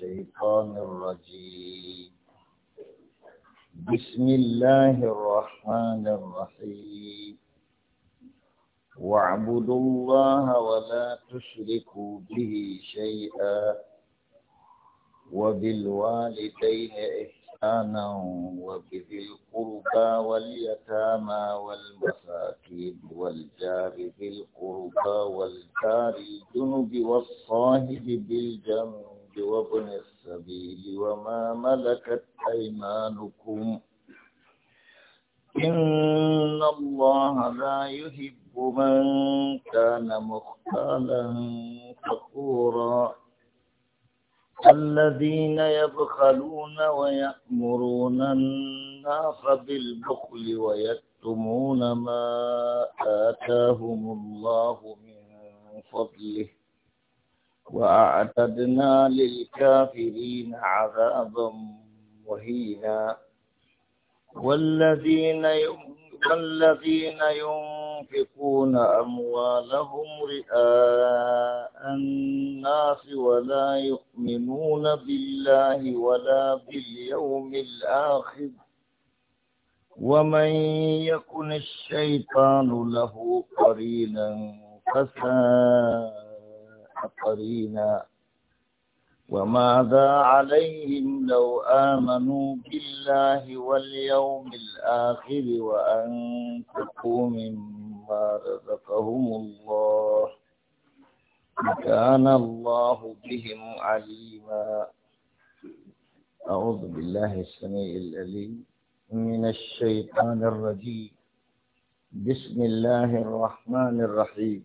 الشيطان الرجيم بسم الله الرحمن الرحيم واعبدوا الله ولا تشركوا به شيئا وبالوالدين إحسانا وبذي القربى واليتامى والمساكين والجار ذي القربى والجار الجنب والصاحب بالجنب الحج وابن السبيل وما ملكت أيمانكم إن الله لا يحب من كان مختالا فخورا الذين يبخلون ويأمرون الناس بالبخل ويكتمون ما آتاهم الله من فضله وأعتدنا للكافرين عذابا مهينا والذين والذين ينفقون أموالهم رئاء الناس ولا يؤمنون بالله ولا باليوم الآخر ومن يكن الشيطان له قرينا فساد قرينا وماذا عليهم لو آمنوا بالله واليوم الآخر وأنفقوا مما رزقهم الله كان الله بهم عليما أعوذ بالله السميع الأليم من الشيطان الرجيم بسم الله الرحمن الرحيم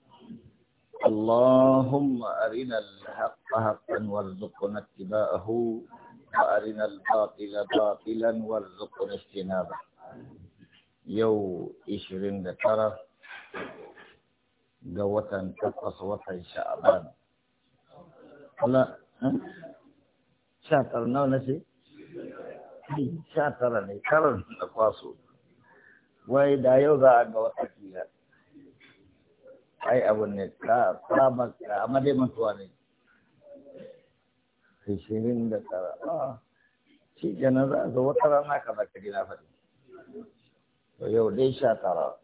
اللهم أرنا الحق حقا وارزقنا اتباعه وأرنا الباطل باطلا وارزقنا اجتنابه يو إشرين دكرة قوة تقص وطن شعبان لا شاطر نو نسي شاطر شاطر نو نسي وإذا يوضع قوة تكيلات ai abu ne ka ka amma dai mantuwa ne ishirin da tara a ah, shi kenan za a zo wata rana ka zaka na faɗi to yau dai sha tara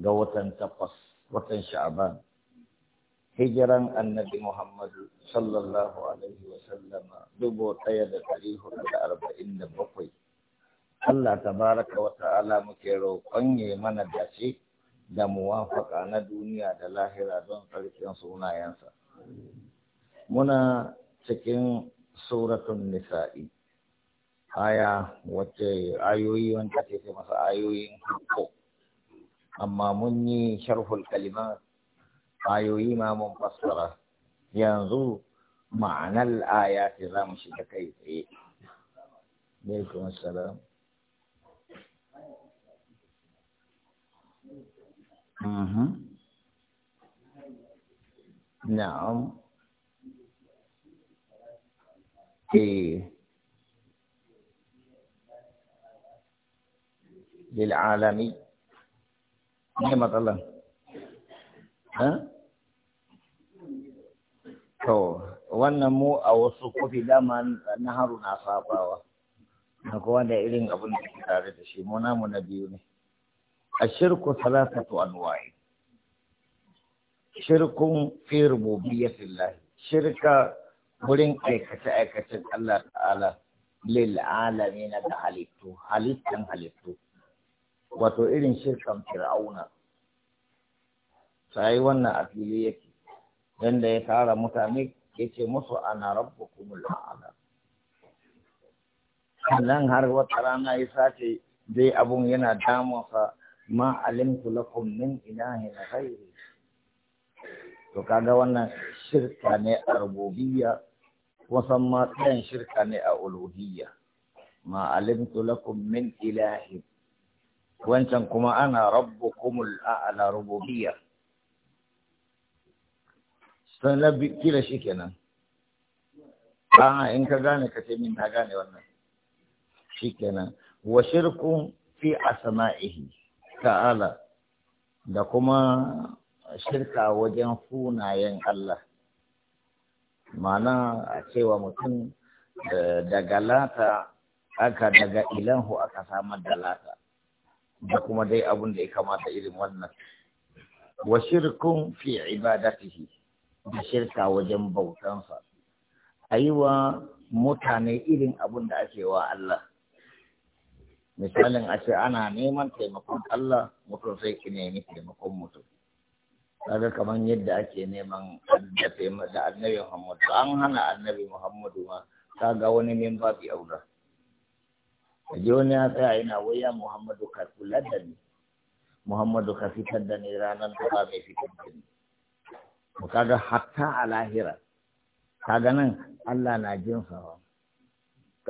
ga watan takwas watan sha'aban hijiran annabi muhammadu sallallahu alaihi wa sallama dubu ɗaya da ɗari hudu da arba'in da bakwai Allah tabaraka wa ta'ala muke roƙon ya mana dace da muwafaka na duniya da lahira don tsarkin sunayensa. Muna cikin suratun nisa'i, A'ya wacce ayoyi wanda ke ce masa ayoyin hukko, amma mun yi sharhul kalima ayoyi ma mun fassara. Yanzu ma'anar aya za mu shiga kai tsaye. kuma salam. Na'am. Eh. Ha? To, wannan mu a wasu kofi dama na haru na sabawa. Na kowa da irin abin da ke tare da shi, mu namu na biyu ne. A ashirku salasatu anwa'i shirkun fi rububiyyatillah shirka wurin aikace aikacen Allah ta'ala lil alamin da halittu halittan halittu wato irin shirkan fir'auna sai wannan a fili yake yanda ya tara mutane yace masu ana rabbukumul a'la sannan har wata rana ya sace dai abun yana damunsa ma alimtu lakum min ilahin ghairi to kaga wannan shirka ne a rububiyya wasan ma ɗayan shirka ne a uluhiyya ma alimtu lakum min ilahin wancan kuma ana rabbukumul a'la rububiyya sun labi kila shi kenan a'a in ka gane ka ce min na gane wannan shi kenan wa shirkun fi asma'ihi ta'ala da kuma shirka wajen sunayen Allah mana a cewa mutum eh, daga lata aka daga ilanhu aka samar da lata da kuma dai abun da ya kamata irin wannan wa shirkun fi ibadatihi da shirka wajen bautansa a yi wa mutane irin abun da ake wa Allah misalin a ce ana neman taimakon Allah mutum sai ki nemi taimakon mutum kaga kamar yadda ake neman da annabi Muhammad an hana annabi Muhammadu ma kaga wani min babi aura je wani ya tsaya yana waya Muhammadu ka kula da ni Muhammadu ka fitar da ni ranar da ba mai fitar da ni kaga hatta a lahira kaga nan Allah na jin sa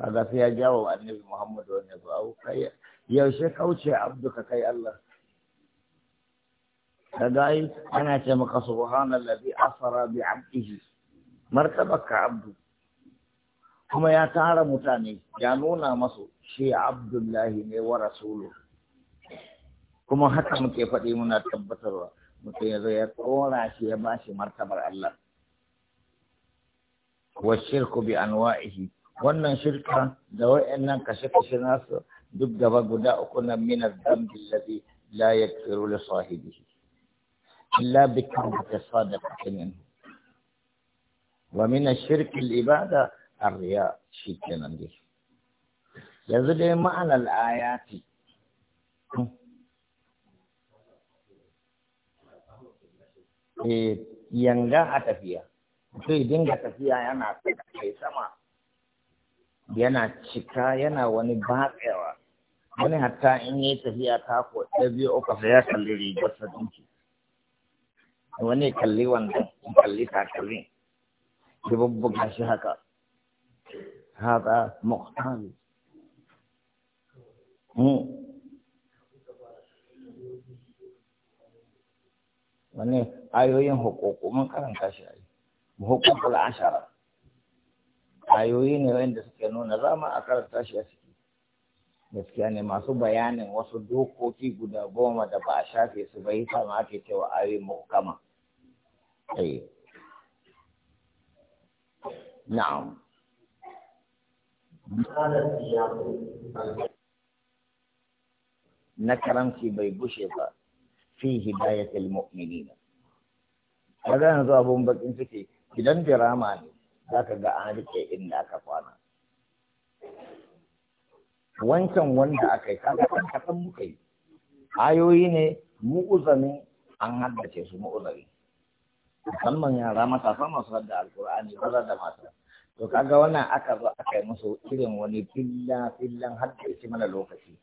kaga sai ya jawo annabi Muhammad wani abu au kai yaushe kauce abduka kai Allah kaga ai ana ce maka subhanallazi asara bi abdihi martabaka abdu kuma ya tara mutane ya nuna masu shi abdullahi ne wa rasulu kuma haka muke faɗi muna tabbatarwa mutum ya zo ya tsora shi ya ba shi martabar Allah wa shirku bi anwa'ihi wannan shirka da wa'annan kashe-kashe nasu duk gaba guda uku na minar dambi ladhi la kiro da sahibi. illa bi tawbati sadiqatin minhu wa min shirkin shirk al-ibada ar-riya shikenan dai yanzu dai ma'anar ayati eh, yanga a tafiya sai dinga tafiya yana kai sama yana cika yana wani batsewa wani hatta in yi tafiya ta ko ɗaya biyu uku sai ya kalli rigar sa dinki wani kalli wanda kalli takalmi da bubbuga shi haka haka muhtali hmm. wani ayoyin hukuku mun karanta shi a yi hukukul ashara ayoyi ne wanda suke nuna zama a karanta shi a ciki gaskiya ne masu bayanin wasu dokoki guda goma da ba a shafe su bai sama ake cewa ayoyi muhkama eh. na'am na karamci bai bushe ba fi hidayatul mu'minina kaga yanzu abun bakin ciki gidan dirama ne zaka ka ga an rike inda aka kwana wancan wanda aka yi kaga kan kaɗan muka yi ayoyi ne mu'uzani an haddace su mu'uzari musamman yara matasa masu hadda alkur'ani maza da mata to kaga wannan aka zo aka yi musu irin wani fillan fillan haddace mana lokaci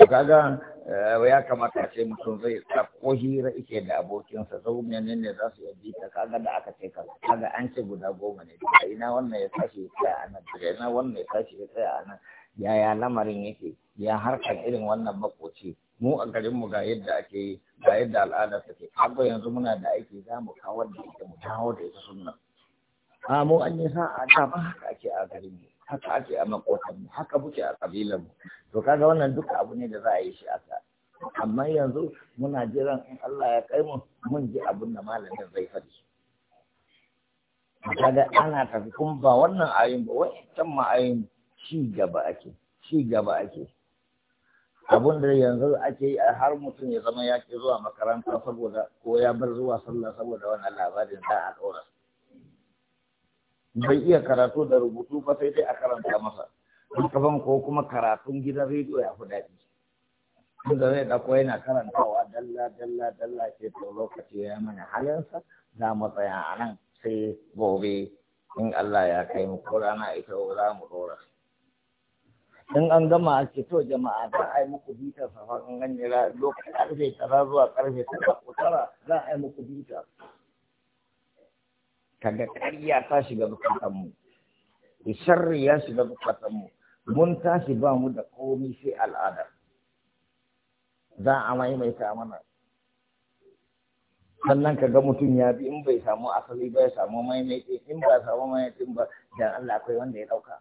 to kaga eh, ya kamata ce mutum zai tsakko hira ike da abokinsa sau ne za su yabi ta kaga da aka ce ka kaga an ce guda goma ne da ina wannan ya tashi ya tsaya a nan da ina wannan ya tashi ya tsaya a nan yaya lamarin yake ya harkar irin wannan makoci mu a garin mu ga yadda ake yi ga yadda al'ada take abba yanzu muna da aiki za mu kawar da ita mu dawo da ita sunna a mu an yi sa'a ta ba haka ake a garin mu haka ake a makotanmu haka muke a kabilan mu to kaga wannan duka abu ne da za a yi shi aka amma yanzu muna jiran in Allah ya kai mu mun ji abin da malamin zai faɗi kaga ana tafi kuma ba wannan ayin ba wancan ma ayin ci gaba ake ci gaba ake abun da yanzu ake yi har mutum ya zama ya ke zuwa makaranta saboda ko ya bar zuwa sallah saboda wannan labarin za a ɗora bai iya karatu da rubutu ba sai dai a karanta masa kafan ko kuma karatun gidan rediyo ya fi daɗi da zai ɗauko yana karantawa dalla dalla dalla ke to lokaci ya mana halinsa za mu tsaya a nan sai gobe in Allah ya kai mu ko rana ita za mu ɗora in an gama a ce to jama'a za a yi muku bitar safar in an yi lokacin karfe tara zuwa ƙarfe tara za a yi muku bitar kaga ƙarya ta shiga bukatanmu sharri ya shiga bukatanmu mun tashi ba mu da komi sai al'ada za a maimaita mana sannan ka ga mutum ya bi in bai samu asali ba ya samu maimaiti in ba samu maimaiti ba dan Allah akwai wanda ya ɗauka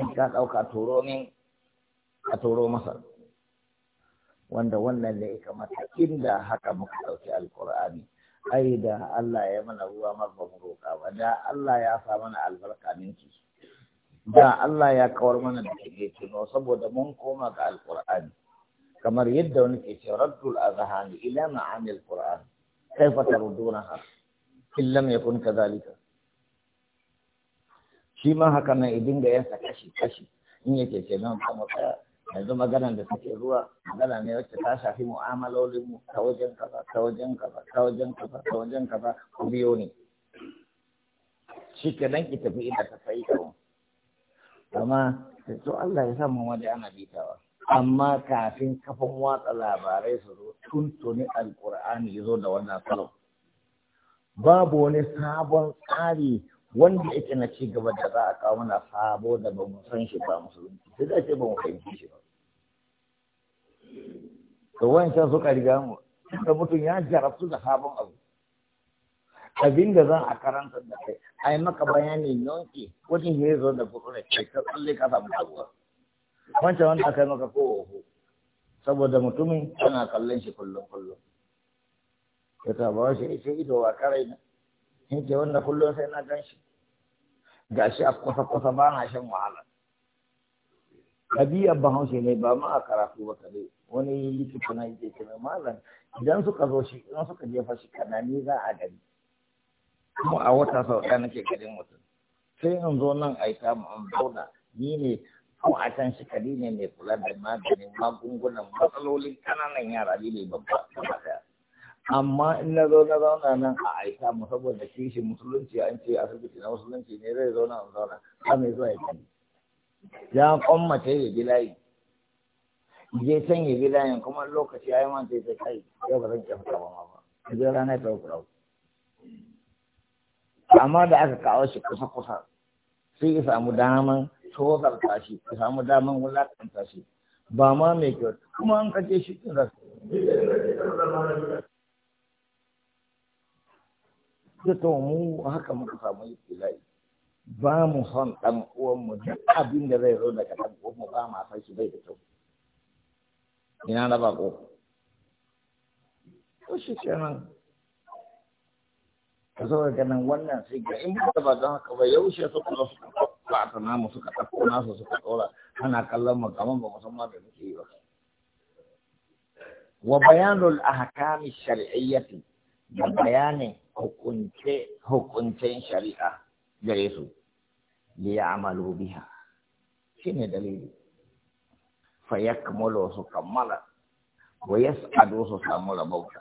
in ka ɗauka turo min a turo masa wanda wannan ne ya kamata inda haka muka ɗauki alkur'ani ai da Allah ya mana ruwa mar ba mu roƙa ba da Allah ya sa mana albarka minki da Allah ya kawar mana da kike tuno saboda mun koma ga alqur'ani kamar yadda wani ke cewa raddul azhan ila ma'ani alqur'an kaifa taruduna in lam yakun kadhalika shi ma haka nan idin ga yansa kashi kashi in yake ce nan kuma tsaya yanzu maganar da take zuwa magana ne wacce ta shafi mu'amalolin mu ta wajen kaza ta wajen kaza ta wajen kaza ta wajen kaza ku biyo ne shi ki tafi inda ta sai ka amma to Allah ya samu mu wani ana bitawa amma kafin kafin watsa labarai su zo tuntuni alkur'ani ya zo da wannan salon babu wani sabon tsari wanda yake na ci gaba da za a kawo mana sabo da ba mu san shi ba musulunci sai da ce ba mu fahimci shi ba to wancan suka riga mu da mutum ya jarabtu da sabon abu abin da za a karanta da kai ai maka bayani yonki wajen ya zo da kuɗi da kai ka tsalle ka samu wancan wanda aka yi maka ko oho saboda mutumin tana kallon shi kullum kullum ya ta ba shi ido wa karai na Ni wanda kullum sai na gan shi ga shi a kusa-kusa ba na shan wahala ɗabi'ar bahaushe ne ba ma a karatu ba kare wani likita na yake ce malam idan suka zo shi idan suka jefa shi kana ni za a gani kuma a wata sau ɗaya nake garin mutum sai in zo nan a yi samu an zauna ni ne ko a can shi kadi ne mai kula da maganin magungunan matsalolin kananan yara ne babba amma in na zo na zauna nan a aisha mu saboda kishi musulunci an ce asibiti na musulunci ne zai zauna a zauna har mai zuwa ya ya ya mace ya bi layi je can ya bi layin kuma lokaci ya yi man ya sai kai yau ba zan iya fita ba ma ba zai rana ta kura amma da aka kawo shi kusa kusa sai ya samu daman tozar tashi ya samu daman wulakanta shi ba ma mai kyau kuma an kace shi ɗin da to mu haka muka samu ibtila'i ba mu son ɗan uwanmu duk abin da zai zo daga dan uwanmu ba ma san shi bai da kyau ina na bako Ko shi nan. ka zo daga nan wannan sai ga in ba ba don haka ba yaushe su kuma su ba ta namu suka ɗauko nasu suka ɗora ana kallon mu kamar ba musamman da muke yi ba wa bayanul ahkami shar'iyyati da bayanin hukuncen shari'a gare su ya amalu biha shine ne dalili fa ya su kammala wa ya sa'ado su samu rabauta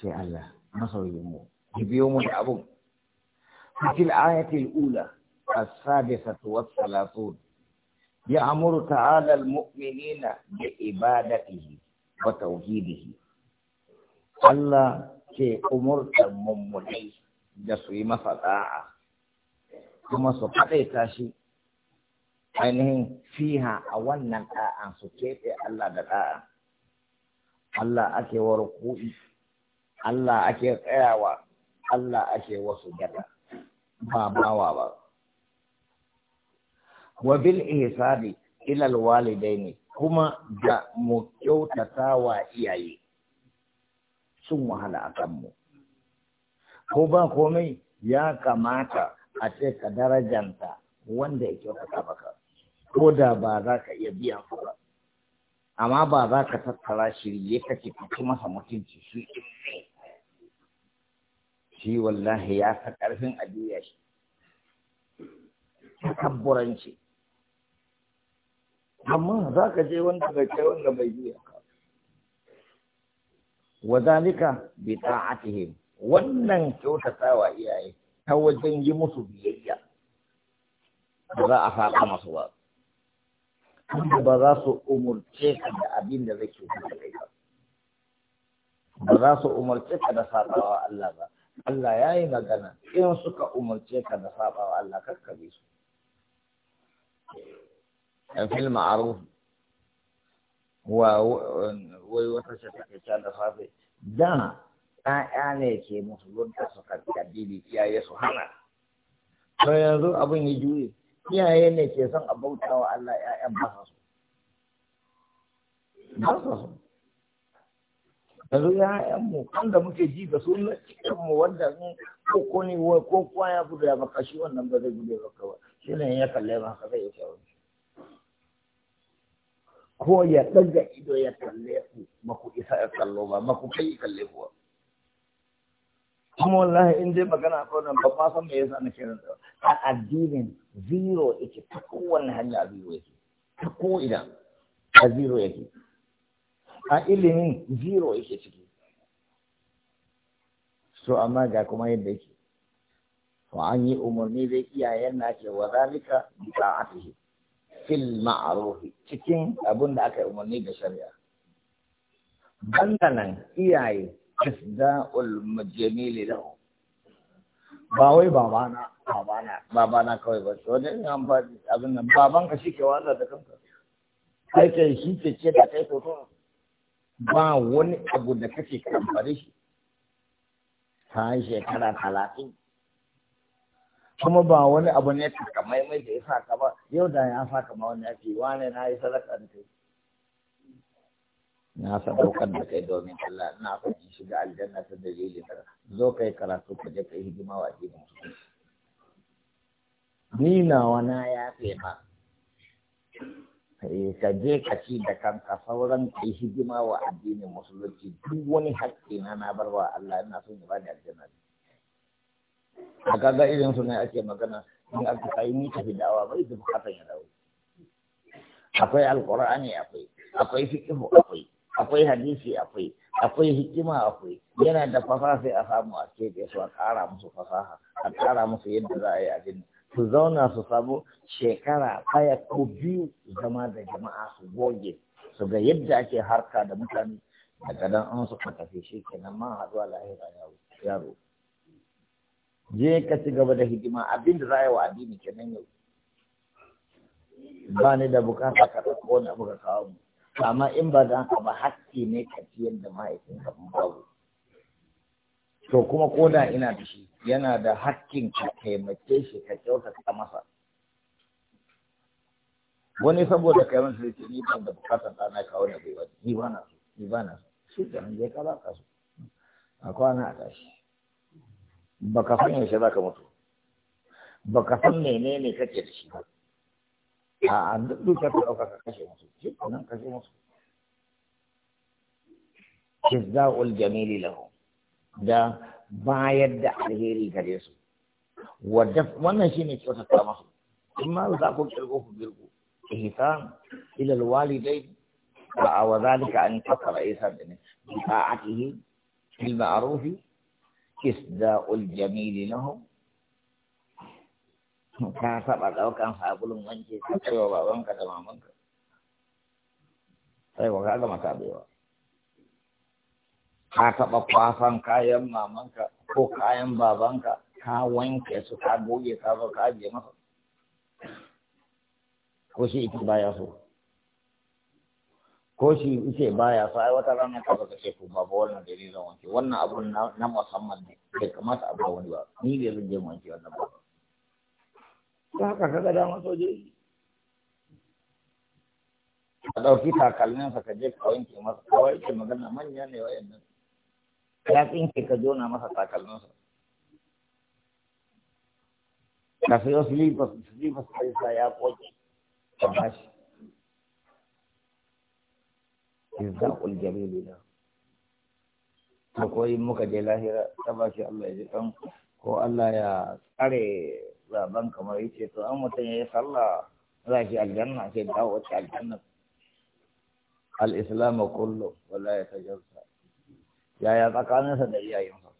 sai Allah masauyin mu ki biyo mu da abun fil ayatil ula as-sadisatu was-salatun يأمر تعالى المؤمنين بعبادته وتوحيده Allah ke umurtan mummunai da su yi masa kuma su faɗaita shi ainihin fiha a wannan ɗa'an su keɓe Allah da ɗa'an. Allah ake wa ruku'i, Allah ake tsayawa, Allah ake wasu gada, ba bawa ba. Wa bil ihsani ilal ne kuma da mu kyautata wa iyaye. sun wahala a kanmu ko ba komai ya kamata a ce ka darajanta wanda ya kyautata maka ko da ba za ka iya biya su ba amma ba za ka tattara shirye ka ce ka masa mutunci su? shi wallahi ya sa ƙarfin a shi. shi takabburanci amma za ka je wanda bai kai wanda bai biya wa zalika bi ta'atihim wannan kyautatawa iyaye ta wajen yi musu biyayya ba za a faɗa masu ba tunda ba za su umarce ka da abin da zai cutar kai ba ba za su umarce ka da sabawa Allah ba Allah ya yi magana in suka umarce ka da sabawa Allah kakkabe su fil ma'ruf wa wai wata ce take ta da safe da ƴaƴa ne ke musulunta su karɓi bibi iyaye su hana to yanzu abin ya juye iyaye ne ke son a bauta wa Allah ƴaƴan ba su ba su yanzu ƴaƴan mu kan da muke ji da su na cikin mu wanda in ko ko ne ko kwaya gudu ya baka shi wannan ba zai gudu ba baka ba shi ne ya kalle ma ka zai ya kyau ko ya ɗaga ido ya kalle ku ba isa ya kallo ba ba ku kai kalle kuwa kuma wallahi in dai magana ko nan ba ma san me yasa na kiran da a addinin zero yake ta kowane hanya zero yake ta ko ina a zero yake a ilimin zero yake ciki so amma ga kuma yadda yake wa an yi umarni zai iyayen na ce wa zalika bi ta'atihi fil ma'arufi cikin abin da aka umarni da shari'a banda nan iyaye isda'ul mujamili lahu ba wai babana babana babana kawai ba so ne an amfani abin nan baban ka ke wala da kanka kai kai shi ke ce da kai to ba wani abu da kake kamfare shi ta shekara talatin kuma ba wani abu ne mai da ya saka ba yau da ya saka ma wani ake wane na yi sadaka da kai na sadaukar da kai domin Allah na son in shiga aljanna ta dalilin da zo kai karatu ka je kai hidima wa addinin musulunci ni nawa na ya fi ma eh, ka je ka ci da kanka sauran kai hidima wa addinin musulunci duk wani hakki na na barwa Allah ina son ya bani aljanna a kaga irin su ne ake magana in aka kai ni tafi dawa bai da hakan ya dawo akwai alqur'ani akwai akwai fiqh akwai akwai hadisi akwai akwai hikima akwai yana da fasaha sai a samu a ce da su a kara musu fasaha a kara musu yadda za a yi abin su zauna su samu shekara ɗaya ko biyu zama da jama'a su goge su ga yadda ake harka da mutane daga dan an su tafi shi kenan ma haɗuwa lahira yaro je ka ci gaba da hidima abin da za a yi wa addini kenan yau ba ni da bukata ka ɗauko wani abu ka kawo mu amma in ba za ka ba haske ne ka ci yadda ma'aikin ka babu to kuma ko da ina da shi yana da hakkin ka taimake shi ka ka masa wani saboda kai masa sai ni ban da ta na kawo na bai wani ni ba na so ni ba na so shi kenan je ka ba ka so a na a tashi baka san yaushe za ka mutu baka san menene kake da shi a an duk ka ɗauka ka kashe musu shi nan kashe musu jizza'ul jamili lahu da bayar da alheri gare su wadda wannan shine kyautata musu ma za ku kirgo ku girgo ihsan ila alwalidain wa zalika an fakara ihsan din ta'atihi bil ma'ruf إسداء na لهم ka saba ɗaukan sabulun wanke ka kai baban babanka da mamanka sai wa ka gama kabewa ka taɓa kwasan kayan mamanka ko kayan babanka ka wanke su ka goge ka zo ka ajiye masa ko shi ita baya so ko shi ce baya so ai wata rana ka baka ce ko babu wannan da ni zan wanke wannan abun na musamman ne bai kamata a ba wani ba ni ne zan je wanke wannan ba ta haka kaga dama soje ka ɗauki takalminsa ka je ka wanke masa kawai ke magana manya ne wayannan ya tsinke ka jona masa takalminsa ka sayo silifas silifas ka sa ya koke ka bashi izzaqul jamilina to koyi muka je lahira tabashi Allah ya ji kan ko Allah ya tsare zaben kamar yace to an mutum ya yi sallah za shi aljanna sai dawo wacce aljanna al kullu wala ya tajazza yaya tsakaninsa da iyayensa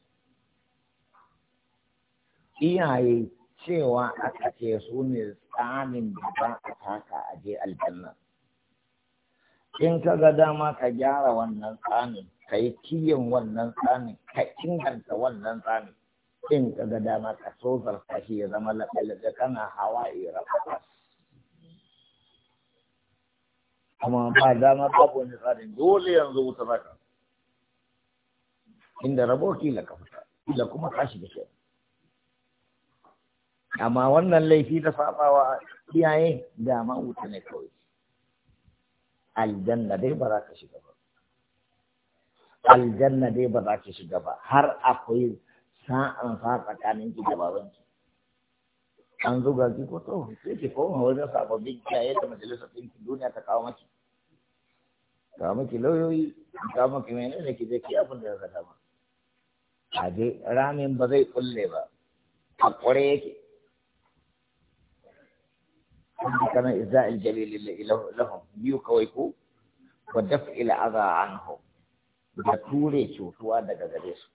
iyaye cewa aka ce su ne tsamin da ba a taka a je aljanna in ka ga dama ka gyara wannan tsanin ka yi kiyin wannan tsanin ka inganta wannan tsanin in ka ga dama ka so shi ya zama laɓe-laɓe kana hawa ya rafa amma ba dama babu wani tsarin dole yanzu wuta zaka inda rabo kila ka fita kila kuma ka shiga shi amma wannan laifi ta sabawa iyaye dama wuta ne kawai aljanna dai ba za ka shiga ba aljanna dai ba za ka shiga ba har akwai sa'an sa tsakanin ki da baban ki an zuga ki ko to sai ki koma wajen sababbin kiyaye da majalisar ɗinkin duniya ta kawo maki kawo maki lauyoyi kawo maki mai ne ki je ki abin da ya zaka ba a dai ramin ba zai kulle ba a kware yake biyu kawai إزاء wa daf ila aza ودفع da ture cutuwa daga gare su,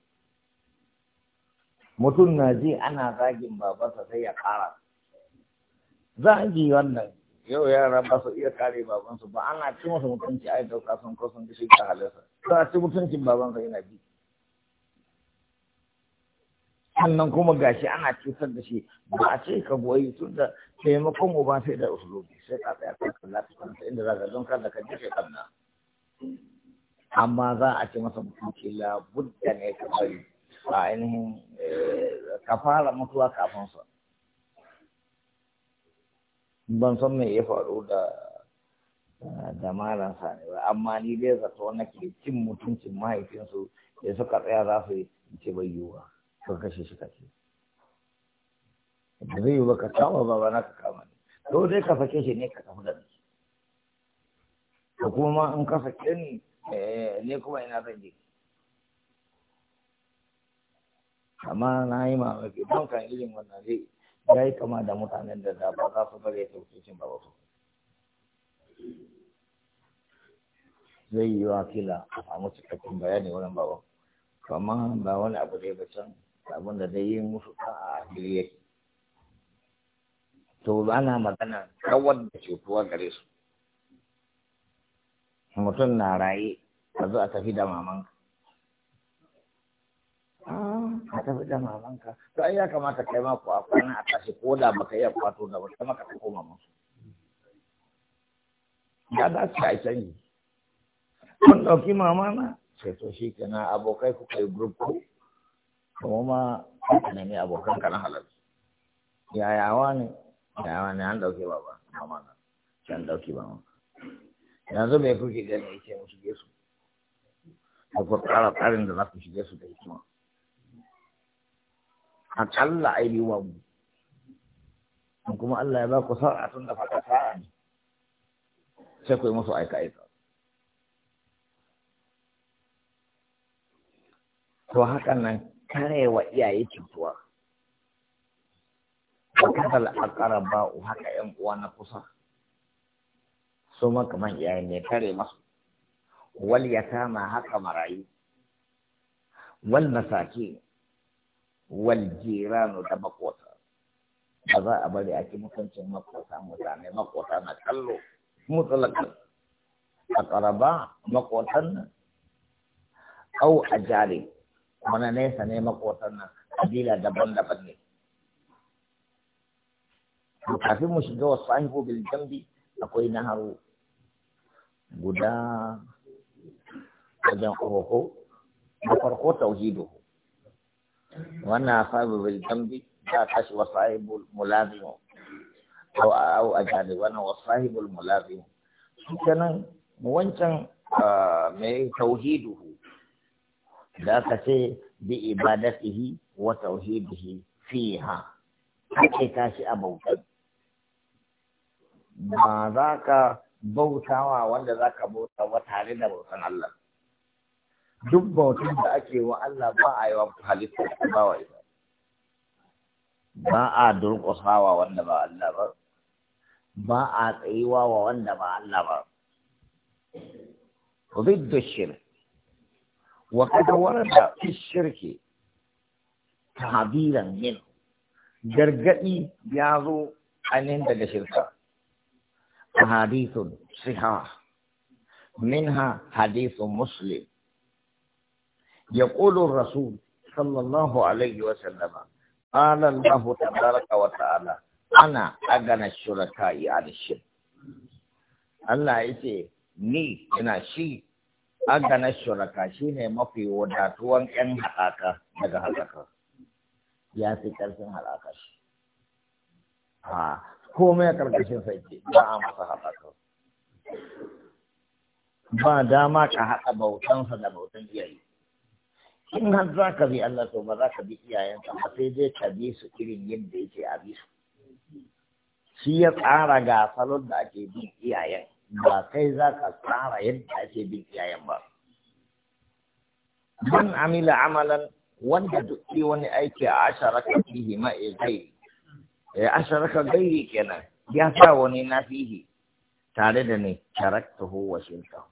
mutum na ji ana zagin babansa sai ya kara zagi wannan yau yara ba su iya kare babansu ba ana ci masa mutunci yi dauka sun kusan gishi ta halarsa za a ci mutuncin babansa yana biyu. sannan kuma gashi ana cutar da shi ba a ce ka goyi tun da taimakon uba sai da usulubi sai ka tsaya kan kalla ta kanta inda za ka don kar da ka jefe kanna amma za a ce masa mutunci labudda ne ka bari a ainihin eh, ka fara mutuwa kafin sa ban san me ya faru da eh, da malam sani ba amma ni dai zato nake cin mutuncin mahaifinsu da suka tsaya za su yi ce bai ka kashe shi kashe da zai yi ba ka kama ba na ka kama ne to dai ka fake shi ne ka tafi da shi ka kuma in ka fake ni eh, ne kuma ina zan je amma na yi ma mamaki don kan irin wannan zai ya yi kama da mutanen da za ba za su bare sauƙin ba ba su zai yi wa kila a samu cikakken bayani wurin baban kamar ba wani abu da ba can abin da zai yi musu kan a fili yake to ana magana kawar da cutuwa gare su mutum na raye a zo a tafi da mamanka a tafi da mamanka to ai ya kamata kai ma ku akwai a tashi ko da baka iya kwato da wata maka ta koma musu ya dace a canji kun ɗauki mamana sai to shi kenan abokai kai yi group kuma ma ka nemi abokan ka na halal yayawa ne yayawa ne an dauke ba mama na an dauke ma yanzu me kuke gani yake mu shige su da ku tsara tsarin da za ku shige su da hikima A ai biyu babu kuma Allah ya ba ku sa'a tun da faɗa sa'a ne sai ku yi musu aika aika to hakan nan Kare wa iyaye cutuwa wa kasal aqraba haka yan uwa na kusa su ma kaman iyaye ne kare masu wal yatama haka marayu wal masaki, wal jiranu da makota ba za a bari a ci mutuncin makota mutane makota na kallo A ƙaraba, makotan nan au a jari. kuma na nesa ne makotan nan kabila daban-daban ne kafin mu shiga wasu sahibu bil jambi akwai naharu guda wajen oho da farko tauhidu wannan sahibu bil jambi ta tashi wasu sahibu mulazimu au au ajali wannan wasu sahibu mulazimu shi kenan wancan ah, mai tauhidu da aka ce bi ibadatihi wa tauhidihi fiha ake tashi a bauta ba za ka bautawa wanda za ka bauta ba tare da bautan Allah duk bautan da ake wa Allah ba a yi wa halitta ba wa ita ba a durƙusawa wanda ba Allah ba ba a tsayuwa wa wanda ba Allah ba riddu shirk وقد ورد في الشرك تعبيرا منه gargaɗi ya zo ainihin daga shirka a hadithun siha minha hadithun muslim ya ƙulun rasul sallallahu alaihi wasallama ƙala Allah tabaraka wa ta'ala ana agana shuraka a shirk Allah ya ce ni ina shi agana shuraka shine mafi wadatuwan yan haɗaka daga haɗaka ya fi ƙarfin haɗaka shi ha komai a ƙarƙashin sarki ba a masa haɗaka ba dama ka haɗa bautansa da bautan iyaye in har za ka bi Allah to ba za ka bi iyayensa ba sai dai ka bi su irin yadda yake a bi su shi ya tsara ga salon da ake bin iyayen ba kai za ka tsara yadda ake bin iyayen ba man amila amalan wanda duk wani aiki a ka fihi ma zai e ya e, ka gairi kenan ya sa wani na fihi tare da ni taraktuhu wa shirka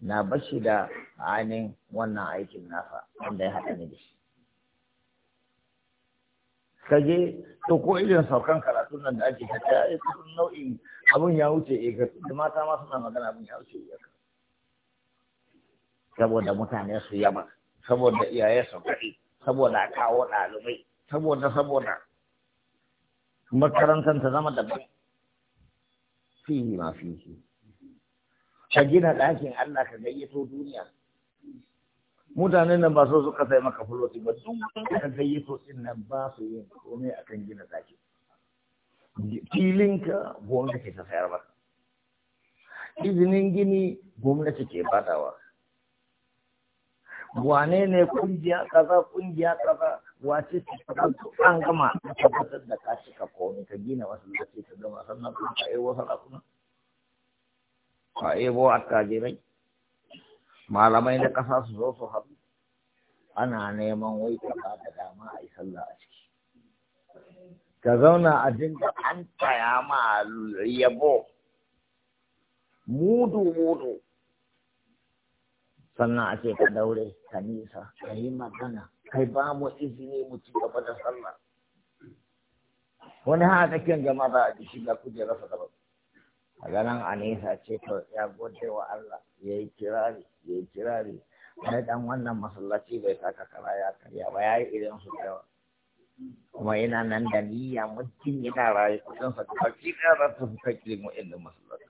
na bashi da ainihin wannan aikin nasa wanda ya haɗa ni da shi ka je to ko irin saukan karatu nan da ake kata ya kusan nau'in abin ya wuce ya eh, ka da mata ma suna magana abin ya wuce ya eh, ka saboda mutane su yaba saboda iyaye su kaɗi saboda kawo ɗalibai saboda saboda makarantar ta zama daban fihi ma fihi ka gina ɗakin Allah ka gayyato duniya mutanen nan ba so suka sai maka fuloti ba duk wanda ka gayyato din nan ba su yin komai akan gina zaki filinka gwamnati ta sayar ba izinin gini gwamnati ke badawa wane ne kungiya kaza kungiya kaza wace ce an gama a tabbatar da ka cika komai ka gina wasu lokaci ka gama sannan kuma ka yi wasu lakuna ka yi bawa jirai malamai na ƙasa su zo su haɗu ana neman wai kaza da dama a yi sallah a ciki ka zauna a dinga an taya ma yabo mudu mudu sannan a ce ka daure ka nisa ka yi magana kai ba mu izini mu ci gaba da sallah wani haɗa kyan jama'a za a ji shiga kujerarsa gaba ganin anisa ce to ya gode wa Allah ya yi kirari ya yi kirari wani dan wannan masallaci bai saka kara ya karya ba ya yi irin su yawa kuma yana nan da niyya mutum yana rayu kusan sa kaki da za su fita kilimu inda masallaci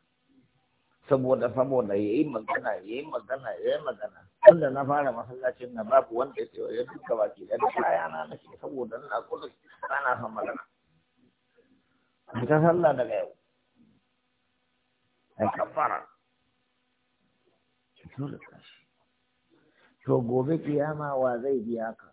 saboda saboda ya yi magana ya yi magana ya yi magana tunda na fara masallacin na babu wanda ya ce ya duka baki da kaya na nake saboda na kula ana son magana. Ita sallah daga yau. a kafara dole kashi to gobe kiyama wa zai biya ka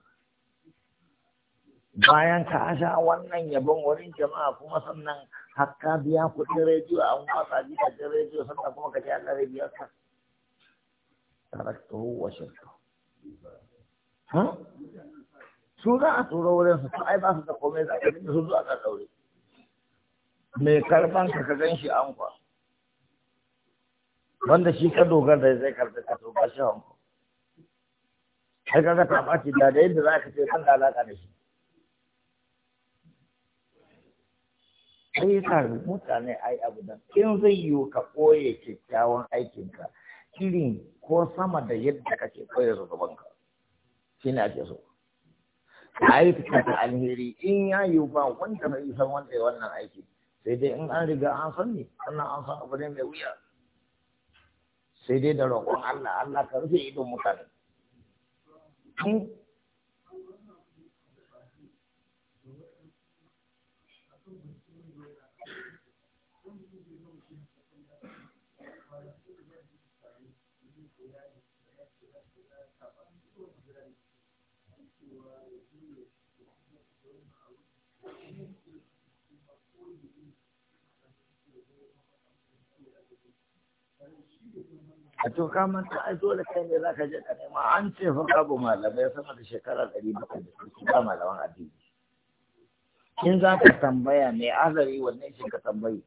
bayan ka sha wannan yabon wurin jama'a kuma sannan hakka biya kuɗin rediyo a watsa jin rediyo sannan kuma ka ji Allah zai biya ka taraktuhu wa shirka ha su za a tura wurin su ai ba su da komai za ka dinga su zuwa ka ɗaure mai karban ka ka gan shi an kwa wanda shi ka dogara da zai karfe ka to bashi hanko sai ka ta ɓaci da da yadda za ka ce kan da alaƙa da shi sai ya sa mutane ai abu da in zai yiwu ka ɓoye kyakkyawan aikinka kirin ko sama da yadda kake ɓoye ka, shi ne ake so a fitar ta alheri in ya yiwu ba wanda mai san wanda ya wannan aiki sai dai in an riga an san ne sannan an san abu ne mai wuya sai dai da roƙon Allah Allah ka rufe idon mutane a to ka manta ai dole kai ne za ka je ka nema an ce fa babu malamai sama da shekara ɗari bakwai da suke ba malaman addini in za ka tambaya mai azari wannan shi ka tambayi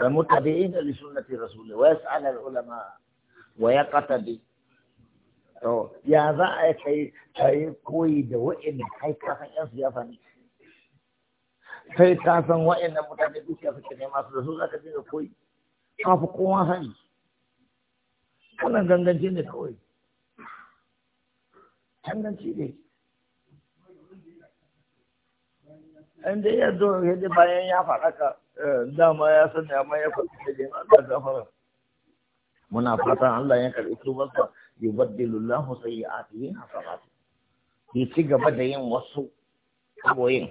da mutabi'in da sunnati rasuli wa yas'al al ulama wa yaqtadi to ya za a kai kai koyi da wa'in kai ka san yan siyasa ne kai ka san wa'in mutane ya suke nema su da su za ka dinga koyi kafa fi kowa sani wannan ganganci ne kawai ganganci ne Inda dai ya zo ya bayan ya faɗaka eh, dama ya sani amma ya faɗi da jin da gafara muna fatan Allah ya karɓi tubarsa yubaddilu Allahu sayyi'atihi hasanat ya ci gaba da yin wasu kaboyin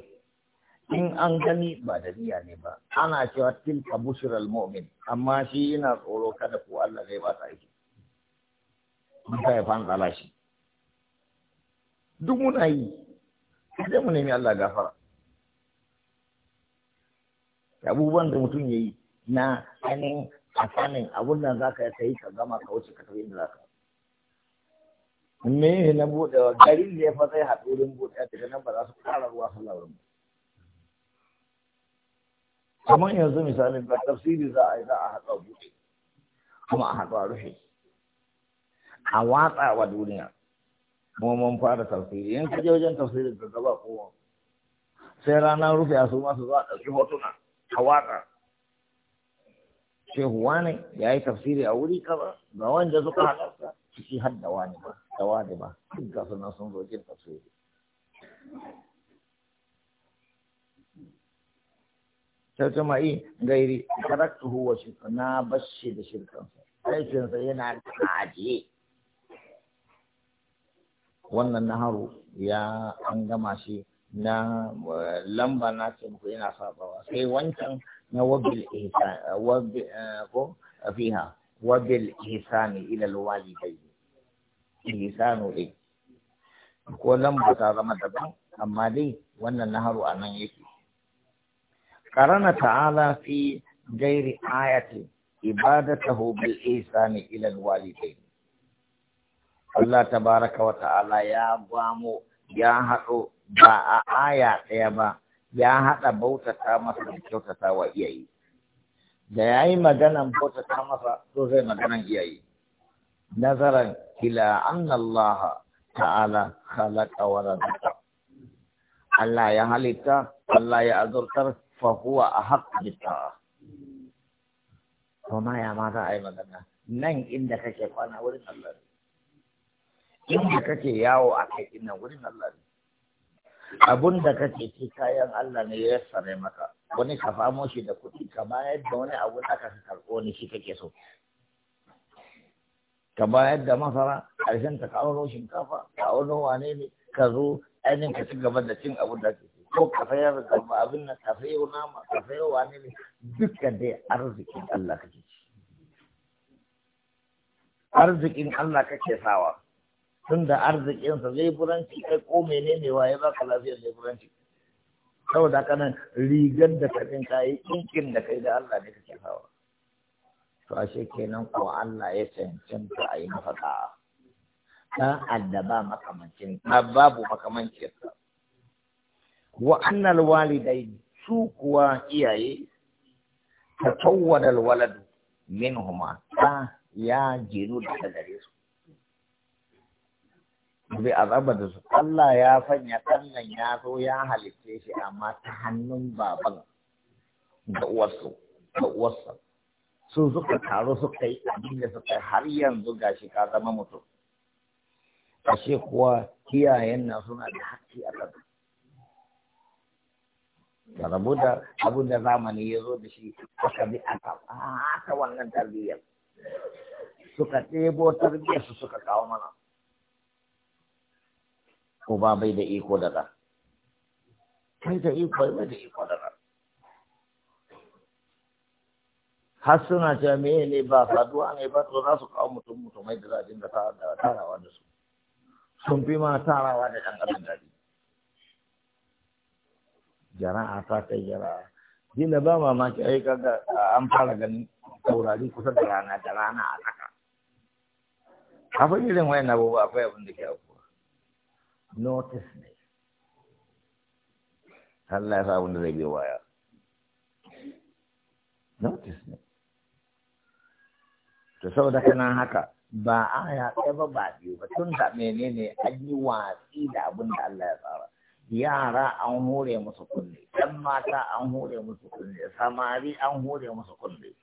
in an gani ba da niyya ne ba ana cewa tilka bushiral mu'min amma shi yana tsoro kada ko Allah zai ba ta aiki mun kai fan tsala shi duk muna yi sai mu nemi Allah gafara abubuwan da mutum ya yi na ainihin asanin abun nan za ka yi ka gama ka wuce ka tafi inda za ka me na buɗewa garin da ya fa zai haɗu wurin buɗe daga nan ba za su ƙara ruwa sallah wurin ba kamar yanzu misalin da tafsiri za a yi za a haɗa buɗe kuma a haɗa rufe a watsa wa duniya Kuma mun fara tafsiri in kaje wajen tafsiri da gaba ko sai rana rufe a su masu za a ɗauki hotuna a watsa shehu wani ya yi tafsiri a wuri kaza ga wanda suka halarta ciki har da wani ba da wani ba duk ga sunan sun zo jin tafsiri sai kuma yi gairi taraktuhu wa shirka na bashi da shirkansa aikinsa yana kaje wannan naharu ya an gama shi na lamba na ce muku yana sabawa sai wancan na wabil eh, ko fiha wabil ihsani ila alwalidayni ihsanu dai ko lamba ta zama daban amma dai wannan naharu anan yake قرن تعالى في غير آية عبادته بالإحسان إلى الوالدين الله تبارك وتعالى يا بامو يا هدو با آية يا ya haɗa bautata masa da kyautata wa iyaye. Da ya yi maganan bautata masa so zai maganan iyaye. Nazaran ila Allah ta'ala khalaqa wa razaqa. Allah ya halitta, Allah ya azurtar, fa a ahq to ma ya mata a yi magana nan inda kake kwana wurin Allah ne inda kake yawo a kai ina wurin Allah ne abun da kake ci kayan Allah ne ya sare maka wani ka famo shi da kuɗi ka bayar da wani abu da aka karɓo ne shi kake so ka bayar da masara ƙarshen ta ka auno shinkafa ka auno wane ne ka zo ainihin ka ci gaba da cin abun da ke ko ka sayar da abin nan ka sayo nama ka sayo wani ne duka dai arzikin Allah kake ci arzikin Allah kake sawa tun da arzikinsa zai buranci kai ko menene waye baka lafiyar zai buranci saboda haka nan rigar da ka dinka yi ɗinkin da kai da Allah ne kake sawa to ashe kenan ko Allah ya cancanta a yi mafaka dan addaba makamancin babu makamancin wa walidai su kuwa iyaye tatawwada alwaladu minhuma ta ya jiru daga gare su bai azaba da su Allah ya fanya kannan ya zo ya halitte shi amma ta hannun baban da uwarsu da uwarsa su suka taru suka yi abin da suka har yanzu gashi ka zama mutum ashe kuwa kiyayen na suna da haƙƙi a ƙasa ka rabu da abin da zamani ya zo da shi aka bi aka aka wannan tarbiyyar suka ɗebo tarbiyyar su suka kawo mana ko ba bai da iko da ɗan bai da iko bai da iko da ɗan har suna cewa meye ne ba saduwa ne ba to za su kawo mutum mutumai da za a dinga tarawa da su sun fi ma tarawa da ɗan daɗi jara'a ta kai jara'a dina ba mamaki ai kaga an fara ganin taurari kusa da rana da rana a tsaka abin irin wayan abubuwa akwai abin da ke aukuwa notice ne Allah ya sa abin da zai biyo baya notice ne to saboda kana haka ba aya ɗaya ba ba biyu ba tun da menene an yi watsi da abin da Allah ya tsara yara an hore musu kulle ɗan mata an hore musu kulle samari an hore musu kulle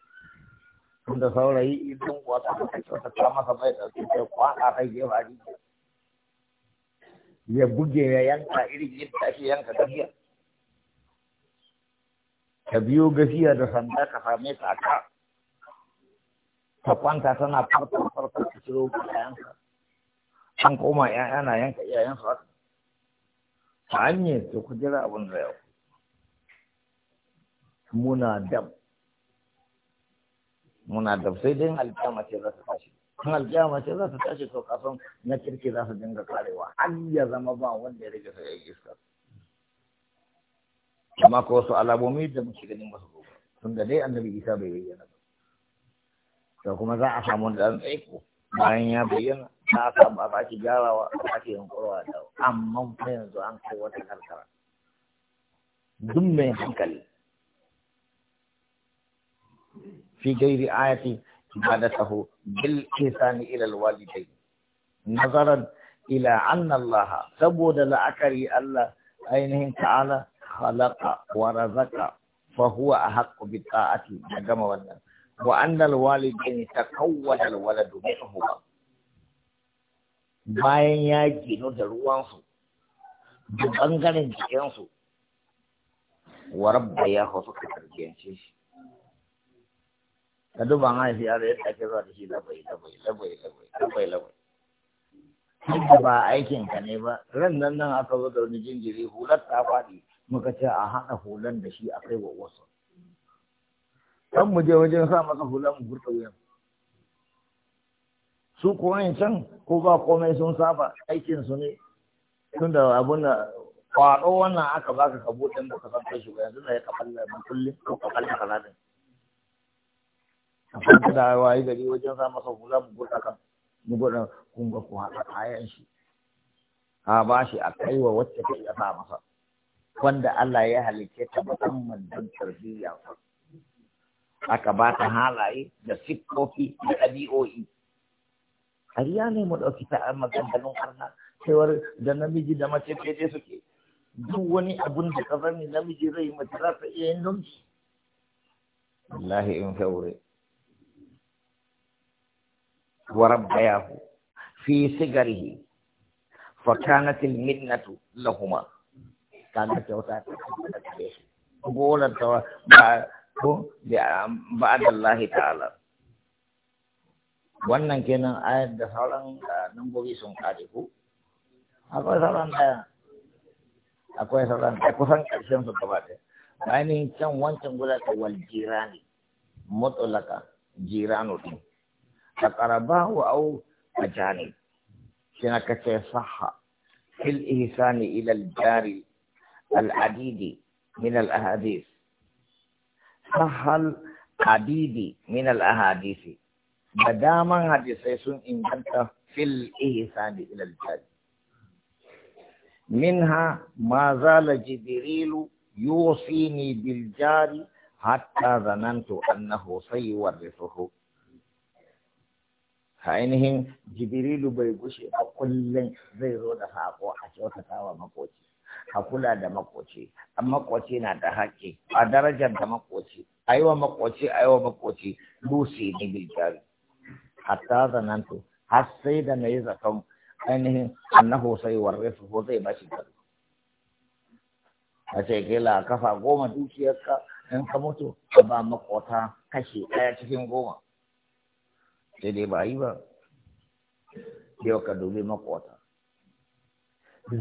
tunda saurayi idan kuwa ta kuka kyautata masa bai ɗauki sai kwaɗa kai jefa rijiya ya buge ya yanka irin yadda ake yanka gafiya ka biyo gafiya da sanda ka same ta ka ta kwanta tana farko farko ta ciro yanka. an koma 'ya'yana yanka iyayensu haka hanyar su ku jira abin da yau muna dab muna dab sai dai alƙiyama ce za su tashi kan alƙiyama ce za su tashi to kasan na kirki za su dinga karewa har ya zama ba wanda ya rage sai ya iska amma ko wasu alamomi da muke ganin wasu gobe tun da dai annabi isa bai bayyana ba to kuma za a samu da tsaiko bayan ya bayyana ta samu a sake gyarawa a sake yankurwa da amma fa yanzu an kai wata karkara duk mai hankali fi gairi ayati ibadatahu bil ihsani ila al walidayn nazaran ila anna Allah saboda la'akari Allah ainihin ta'ala khalaqa wa razaqa fa huwa ahaqqu bi ta'ati gama wannan wa anna al walidayn takawwala al waladu minhuma bayan ya gino da ruwansu da ɓangaren jikinsu warabba ya hau suka tarbiyance shi ka duba ma shi ya yadda ake zuwa da shi labai labai labai labai labai labai duk ba aikin ka ne ba ran nan nan aka zo da wani jinjiri hular ta faɗi muka ce a haɗa hulan da shi a kai wa wasu Ɗan mu je wajen sa masa hulan mu gurta wuyan su kuwa can ko ba komai sun saba aikin su ne tun da abun da wannan aka baka ka buɗe da ka san shi ba yanzu da ya kafalla ba kullum ko ka kalla kaza da wayi gari wajen sa masa hula mu burka kan mu burka kun ga ku haɗa kayan shi Ka ba shi a kai wa wacce ta iya sa masa wanda Allah ya halicce ta musamman don tarbiyya aka ba ta halaye da siffofi da ɗabi'o'i ƙarya ne mu ɗauki ta maganganun arna cewar da namiji da mace daidai suke duk wani abun da ka sani namiji zai mace za ta iya yin donki wallahi in kaure wa rabbayahu fi sigarihi fa kanat al minnatu lahuma kana kyauta ta golan ta ba ko da ba Allah ta'ala wannan kenan ayar da sauran ah, nambobi sun kare ku akwai sauran daya akwai sauran daya kusan karshen su gaba ɗaya yin can wancan guda ta wal jirani mutulaka jirano din ta a jani ajani kina kace saha, fil ihsani ila al jari al adidi min al ahadith sahal adidi min al da daman hadisai sun inganta fil ihsani ila al-jari minha ma zala jibrilu yusini bil jari hatta zanantu annahu sayuwarrithuhu ainihin jibrilu bai gushe a kullum zai zo da hako a kyautata wa makoci a kula da makoci a makoci na da haƙƙi a darajar da makoci a yi makoci a makoci lusi ne biljari hatta zanantu har sai da na yi zaton ainihin annahu sai su ko zai bashi gado a ce kila kafa goma dukiyarka in ka mutu a ba makota kashi ɗaya cikin goma sai dai ba yi ba yau ka dubi makota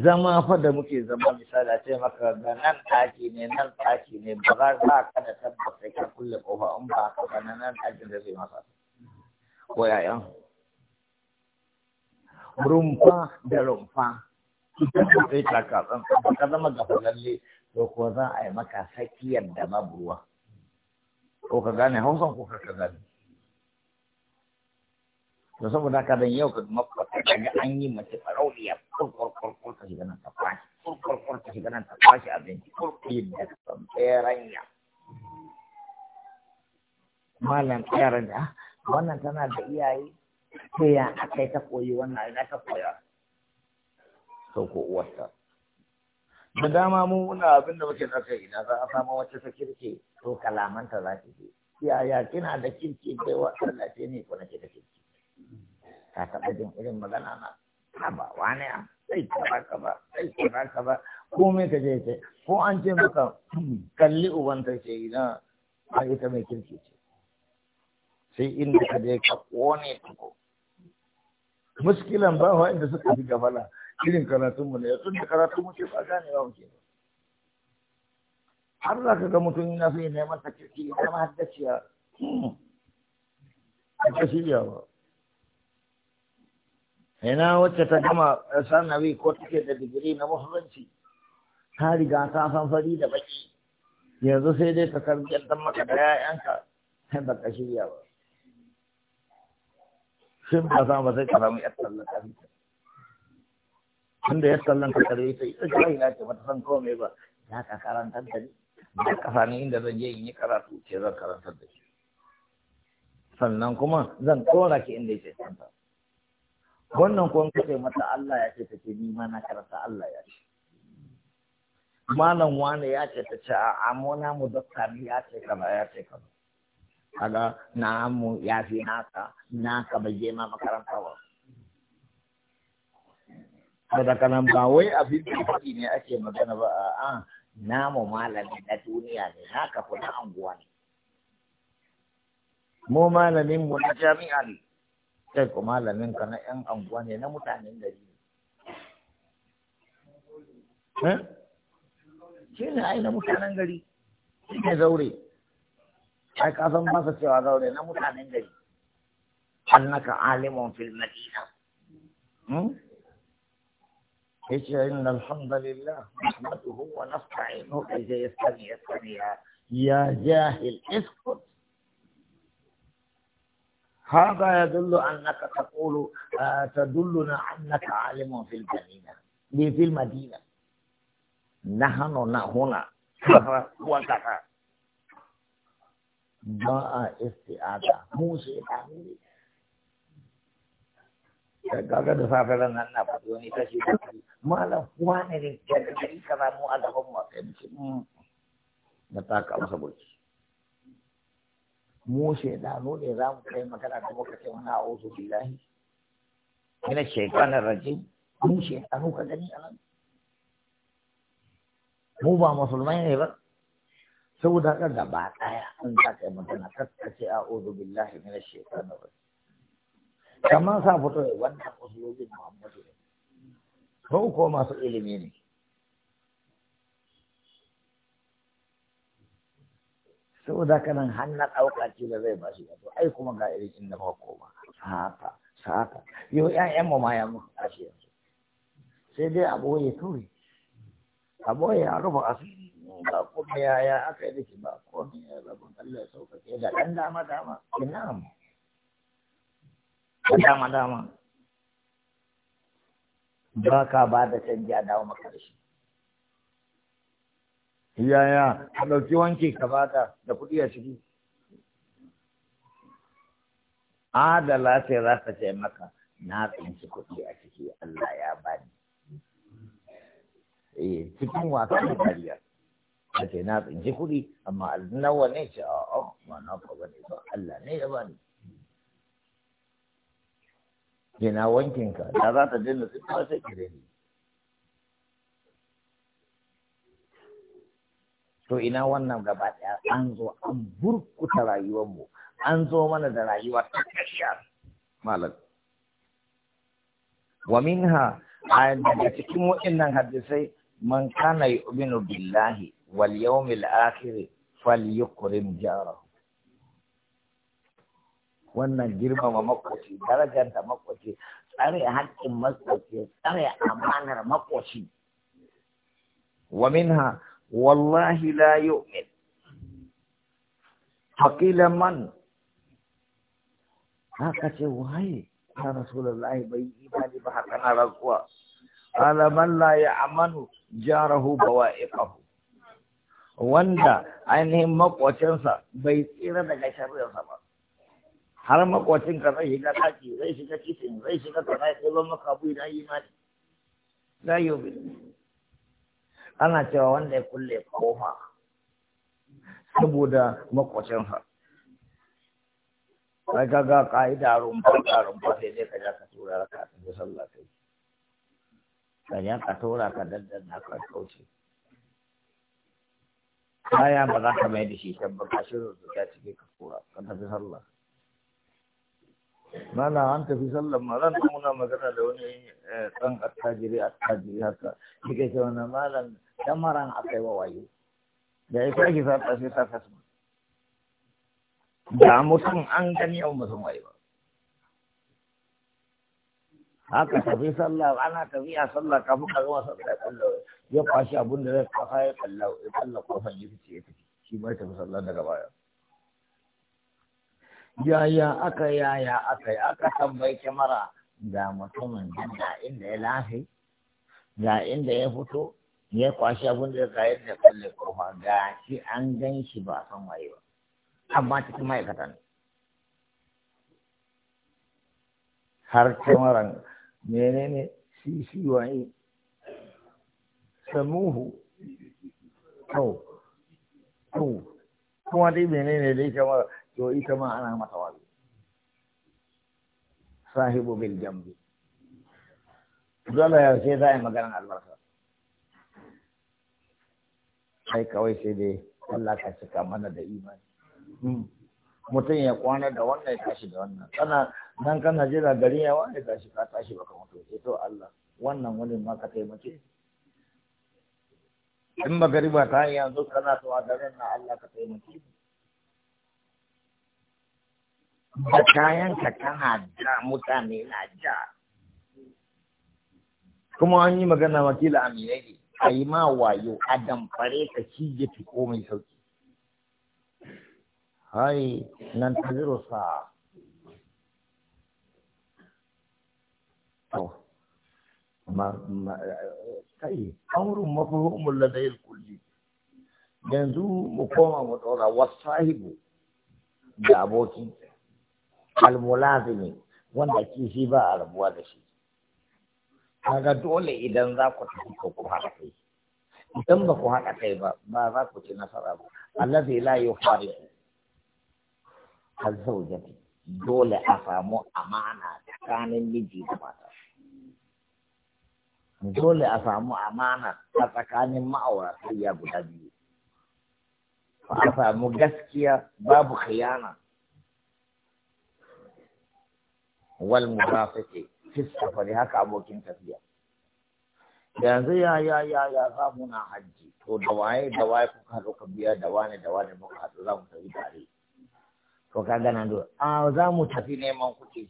zama fa da muke zama misali a ce maka ga nan ɗaki ne nan ɗaki ne ba za ka da tabbata ka kulle kofa in ba ka ba nan ɗakin da zai masa ko yayan rumfa da rumfa Kita ka kai takatsan ka zama gafalalle to za a yi maka sakiyar da babu ruwa ko ka gane hausan ko ka gane to saboda ka zan yau ka mafaka an yi mace farauniya shiga nan ta kurkurkur shiga nan ta abinci da malam wannan tana da iyaye ta ya aka ta koyi wannan ina ta koya sau ko uwarta da dama mu muna abin da muke ɗauka ina za a samu wacce ta kirke to kalamanta za ki je yaya kina da kirki kai wa Allah ce ne ko nake da kirki ka taɓa jin irin magana na haba wani a sai kaza ba sai ba Ko me ka je ce ko an ce maka hmm, kalli uban ta ce na a ita mai kirki ce sai inda ka je ka kone tuko muskilan ba wa inda suka fi gabala irin karatunmu ne sun da karatun mu ce ba gane ba. muke har za ka ga mutum yana so ya neman ta kirki ya zama haddaciya hmm. a ta shirya ba ina wacce ta gama sanawi ko take da digiri na musulunci ta riga ta san fari da baki yanzu sai dai ka karbi dan maka da 'ya'yanka ba ka shirya ba sai ba za ba sai ka samu yar sallan ka tunda yar sallan ka kare ita ita jahila ce ba ta san kawai komai ba ya ka karanta da ni da kasa ni inda zan je in yi karatu ce zan karanta da shi sannan kuma zan tsora ki inda yake santa wannan kuma kace mata Allah ya ce take ni ma na karanta Allah ya ce malam wani ya ce ta ce a amona mu dokta ya ce kaza ya ce kaza kaga na mu ya fi naka naka bai je ma makaranta ba saboda kana ba wai abin da ne ake magana ba a namu malami na duniya ne naka kuma anguwa ne mu malamin mu na jami'a ne kai ko malamin ka na yan anguwa ne na mutanen gari ne eh? shi ne ai na mutanen gari shi ne zaure حكاثم ما فتوى ذولي نموت عن عندي حنك عالم في المدينة هيك إن الحمد لله نحمده ونستعينه إذا يستمي يستمي يا جاهل اسكت هذا يدل أنك تقول آه، تدلنا أنك عالم في المدينة في المدينة نحن هنا وكفى ba a isti'aza mu sai ta da gaga da safe ran nan na faɗi wani kashi da shi malam wani ne da kai kaza mu a gaban mu sai mu ce mm. da ta ka masa burki mu shaidanu ne za mu kai magana da muka ce wani a'udhu bilahi ina shaitanin rajin mu shaidanu ka gani a nan mu ba musulmai ne ba saboda da gaba ɗaya an za ka yi magana kaskace a ozu billahi na shekaru rasu kamar sa fito da wannan usulobin muhammadu ne ko ko masu ilimi ne saboda kanan hannun ɗauka ce da zai bashi wato ai kuma ga irin inda ba koma haka haka yau ƴaƴan mu ma ya mu tashi yanzu sai dai a boye kawai a boye a asiri ba komai yaya aka yi da shi ba komai ya rabin Allah sauƙaƙe da ɗan dama dama ina mu da dama dama ba ka ba da canji a dawo maka da shi yaya a ɗauki wanki ka baka da kuɗi a ciki adala sai za ka ce maka na tsinci kuɗi a ciki Allah ya bani eh cikin wasan da dariya a ce na tsinci kuɗi amma nawa ne ce a oh ba na ka bane ba Allah ne ya bani ke na wankin ka da za ta dinga su ba sai ki dani to ina wannan gaba ɗaya an zo an burkuta mu? an zo mana da rayuwa ta kashiya malam wa minha a daga cikin nan hadisai man kana yu'minu billahi واليوم الآخر فليكرم جاره wannan girmama makoci darajar da makoci tsare haƙƙin makoci tsare amanar makoci wa minha wallahi la yu'min haƙila man haka ce waye ya rasulullahi bai imani ba haka na rantsuwa qala man la ya'manu jarahu bawa'iqahu wanda ainihin makocinsa bai tsira daga sharrinsa ba har makocin ka zai shiga ɗaki zai shiga kicin zai shiga kaza ya ɗiban maka abu idan yi mani la yobe ana cewa wanda ya kulle kofa saboda makocinsa. kai ga ka'ida rumfa da rumfa sai dai ka ja ka tura ka tafi sallah kai ka ja ka tura ka daddana ka kauce baya ba za ka mai da shi can ba kashi da cike ka kura ka tafi sallah mana an tafi sallah ma ran muna magana da wani eh, ɗan attajiri attajiri haka shi ce wani na malam dan maran akai wa wayo da ya sake sa ta sai ta ta da mutum an gani yau mutum ba haka tafi sallah ana tafiya sallah kafin ka gama sallah sallah ya kwashi abun da zai kwasa ya kalla ya kalla kofar ya fice ya fice shi mai ta musalla daga baya yaya aka yaya aka yi aka tambayi kyamara ga mutumin ga inda ya lafi ga inda ya fito ya kwashi abun da ya kayar da kalle kofa ga shi an gan shi ba san waye ba amma cikin ma'aikata ne har kyamaran menene shi shi wani samuhu to to kuma dai menene dai kamar to ita ma ana mata wani sahibu bil jambi ya yaushe za a yi maganar albarka Sai kawai sai dai Allah ka cika mana da imani hmm. mutum ya kwana da wannan ya tashi da wannan kana nan kana jira gari ya wani tashi ka tashi baka mutu sai eh to Allah wannan wani ma ka taimake in magariba ta yi yanzu kana to a daren na Allah ka taimake da kayan ka kana da mutane na ja kuma an yi magana wakila aminai a yi ma wayo a damfare ka ya fi komai sauki hai nan ta ziro sa kai amrun mafhumul ladayil kulli yanzu mu koma mu tsora wasahibu da aboki almulazimi wanda ke shi ba a rabuwa da shi kaga dole idan za ku tafi ko ku haɗa kai idan ba ku haɗa kai ba ba za ku ci nasara ba allazi la yufariqu azzawjati dole a samu amana tsakanin miji da mata dole a samu amana a tsakanin ya guda biyu Ba a samu gaskiya babu khiyana wal murafiki fiskafa ne haka abokin tafiya yanzu ya ya ya ya za muna na hajji to da waye da waye kuka haɗu ka biya da wane da wane muka haɗu za mu tafi tare to ka gana do a za mu tafi neman kuɗi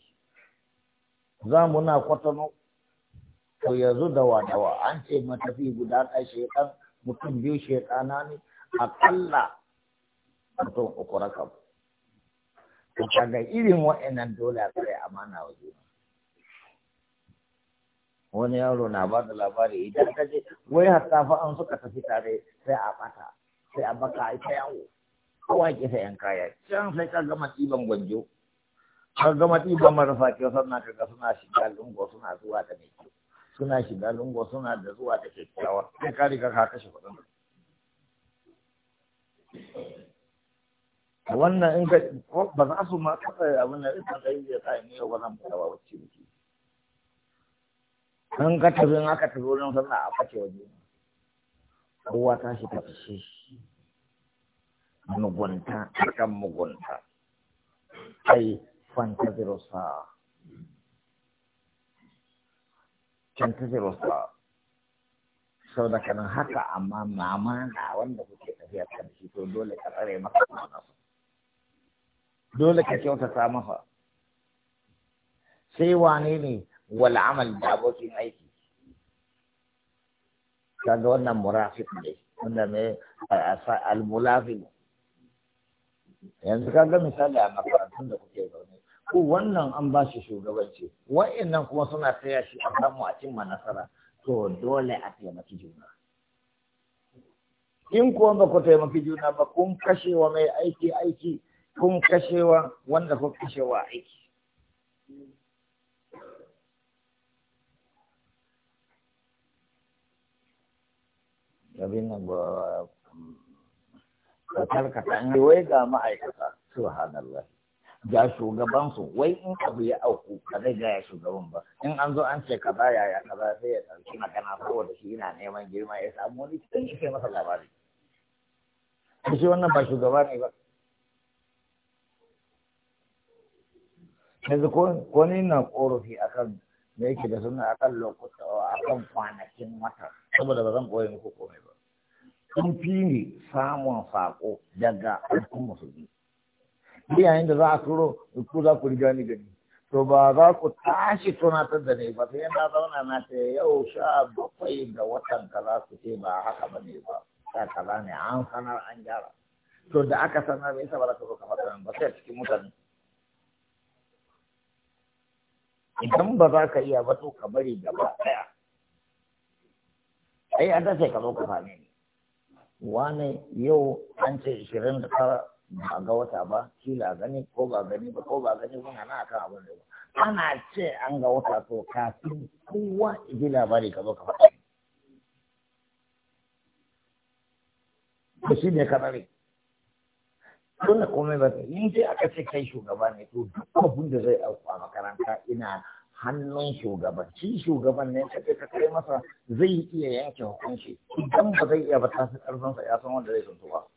za mu na kwatano to yanzu da wadawa an ce matafi guda ɗaya shekan mutum biyu shekana ne aƙalla mutum uku rakam to kaga irin wa'annan dole a tsaye amana wa juna wani yaro na ba da labari idan ka je wai hatta fa an suka tafi tare sai a bata sai a baka a ita yawo kowa ke yan kaya can sai ka gama ɗiban gwanjo ka gama ɗiban marasa kyau sannan ka ga suna shiga lungo suna zuwa da mai kyau suna shiga lungo suna da zuwa da kyakkyawa sai ka riga ka kashe kuɗin wannan in ka ba za su ma da abin da in ka yi ya sa ni yau ba zan fita ba wacce muke an ka tafi in aka tafi wurin sallah a face waje kowa ta shi ta gonta, mugunta akan mugunta ai fantaziro sa'a can ta rufa sau da kanan haka amma mama na wanda kuke tafiya kan shi to dole ka tsare maka mama dole ka kyauta ta masa sai wane ne wal amal da abokin aiki kaga wannan murafiq ne wanda ne al mulafiq yanzu kaga misali a makarantun da kuke zaune ko wannan an ba shi shugabanci wa'annan kuma suna taya shi a samu a cimma nasara to dole a taimaki juna in kuwa ba ku taimaki juna ba kun kashewa mai aiki aiki kun kashewa wanda kun kashewa aiki abin nan ba ka ne wai ga ma'aikata subhanallah ga shugaban su wai in abu ya auku ka zai gaya shugaban ba in an zo an ce ka ba yaya ka ba sai ya ɗauki magana saboda shi yana neman girma ya samu wani cikin ya masa labari shi wannan ba shugaba ne ba yanzu ko ni na korafi akan me yake da suna akan lokuta akan kwanakin wata saboda bazan zan ɓoye muku komai ba sun fi ne samun saƙo daga al'ummar musulmi yayin da za a turo ku za ku riga ni gani to ba za ku tashi tunatar da ne ba sai na zauna na ce yau sha bakwai da watan ka za su ce ba haka ba ne ba ta kaza ne an sanar an gyara to da aka sanar me yasa ba ka zo ka faɗa ba sai cikin mutane idan ba za ka iya ba to ka bari gaba ɗaya ai an ta sai ka zo ka same ni wane yau an ce ishirin da tara ba ga wata ba kila gani ko ba gani ba ko ba gani ba na akan abin da ana ce an ga wata to kafin kowa ji labari ka zo ka faɗa to shi ne kanare tunda komai ba ta yin aka ce kai shugaba ne to duk abin da zai auku a makaranta ina hannun shugaban shi shugaban ne ka ka kai masa zai iya yanke hukunci idan ba zai iya ba ta fi karfin ya san wanda zai tuntuba. ba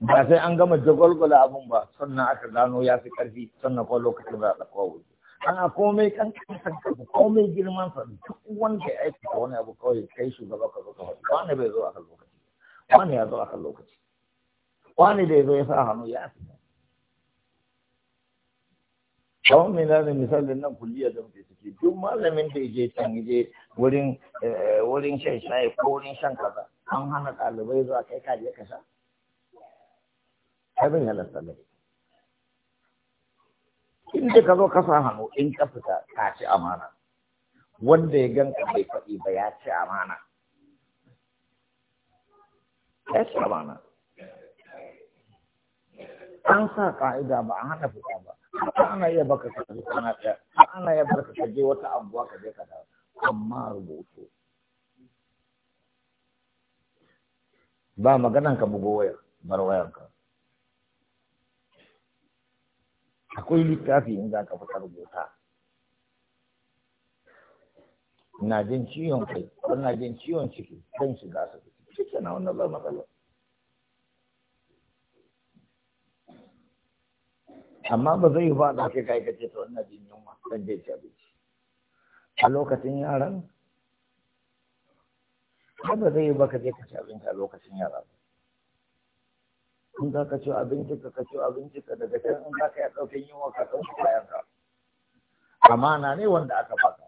ba sai an gama jagwalgwala abun ba sannan aka gano ya fi ƙarfi sannan kuma lokacin da a kawo wuce ana komai kan kansan ka komai girman sa duk wanda ya aiki wani abu kawai kai shugaba ka zo ka faɗi wani bai zo akan lokaci wani ya zo akan lokaci wani bai zo ya sa hannu ya fi kawai mai zane misalin nan kulliya da muke ciki duk malamin da ya je can je wurin eh, wurin shan shayi ko wurin shan kaza an hana ɗalibai zuwa kai kaje ka sha abin halatta ne inda ka zo ka sa hannu in ka fita ka ci amana wanda ya ganka bai faɗi ba ya ci amana ya ci amana an sa ƙa'ida ba an hana fita ba ana iya baka ka je kana ɗaya ana iya barka ka je wata anguwa ka je ka dawo amma rubutu ba maganan ka bugo wayar bar wayar ka akwai littafi in za ka fita rubuta na jin ciwon kai ko na jin ciwon ciki shi za su ciki na wannan zai matsala amma ba zai ba da kai kai kace to wannan jin yunwa kan je ci abinci a lokacin yaran ba zai ba ka je ka ci abinci a lokacin yaran in za ka ci abinci ka ka ci abinci ka daga can in za ka yi ɗaukin yunwa ka ɗauki kayan ka amana ne wanda aka baka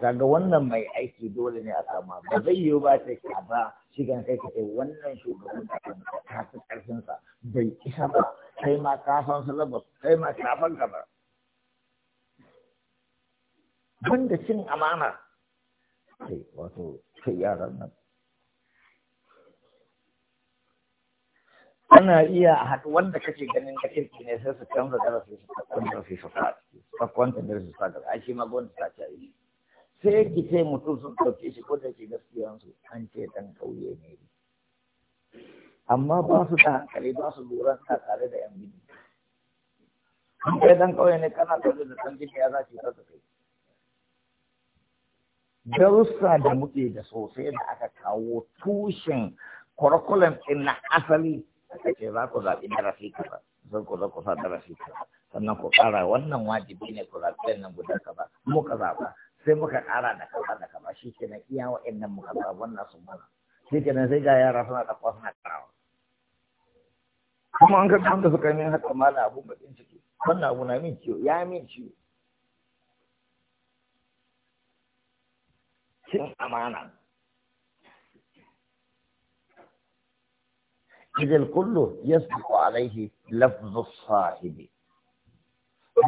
kaga wannan mai aiki dole ne a sama ba zai yiwu ba ta ka ba shi kan kai ka wannan shugaban da kan ka fi karfin sa bai isa ba kai ma ka san salaba kai ma shafan ka ba banda cin amana kai wato kai yaran nan ana iya haɗu wanda kake ganin da kirki ne sai su canza darasi su kwanta su su faɗi kwanta da su faɗi a shi magon ta ta yi sai ki ce mutum sun ɗauke shi ko da ke su an ce ɗan ƙauye ne amma ba su da hankali ba su lura ta tare da yan gidi an kai ɗan ƙauye ne kana tare da ɗan ya za ki ta kai darussa da muke da sosai da aka kawo tushen curriculum ɗin na asali aka ce za ku zaɓi rafika ba zan ku zo ku sa darasi kaza sannan ku ƙara wannan wajibi ne ku zaɓi wannan guda kaza muka zaɓa sai muka ƙara da kaza da kaza shi nan iya nan muka zaɓa wannan sun mana shi nan sai ga yara suna kwasa suna ƙarawa kuma an ga da suka min haka mala abu bakin ciki wannan abu na min ciwo ya min ciwo cin amana idan kullu yasbiqu alaihi lafzu sahibi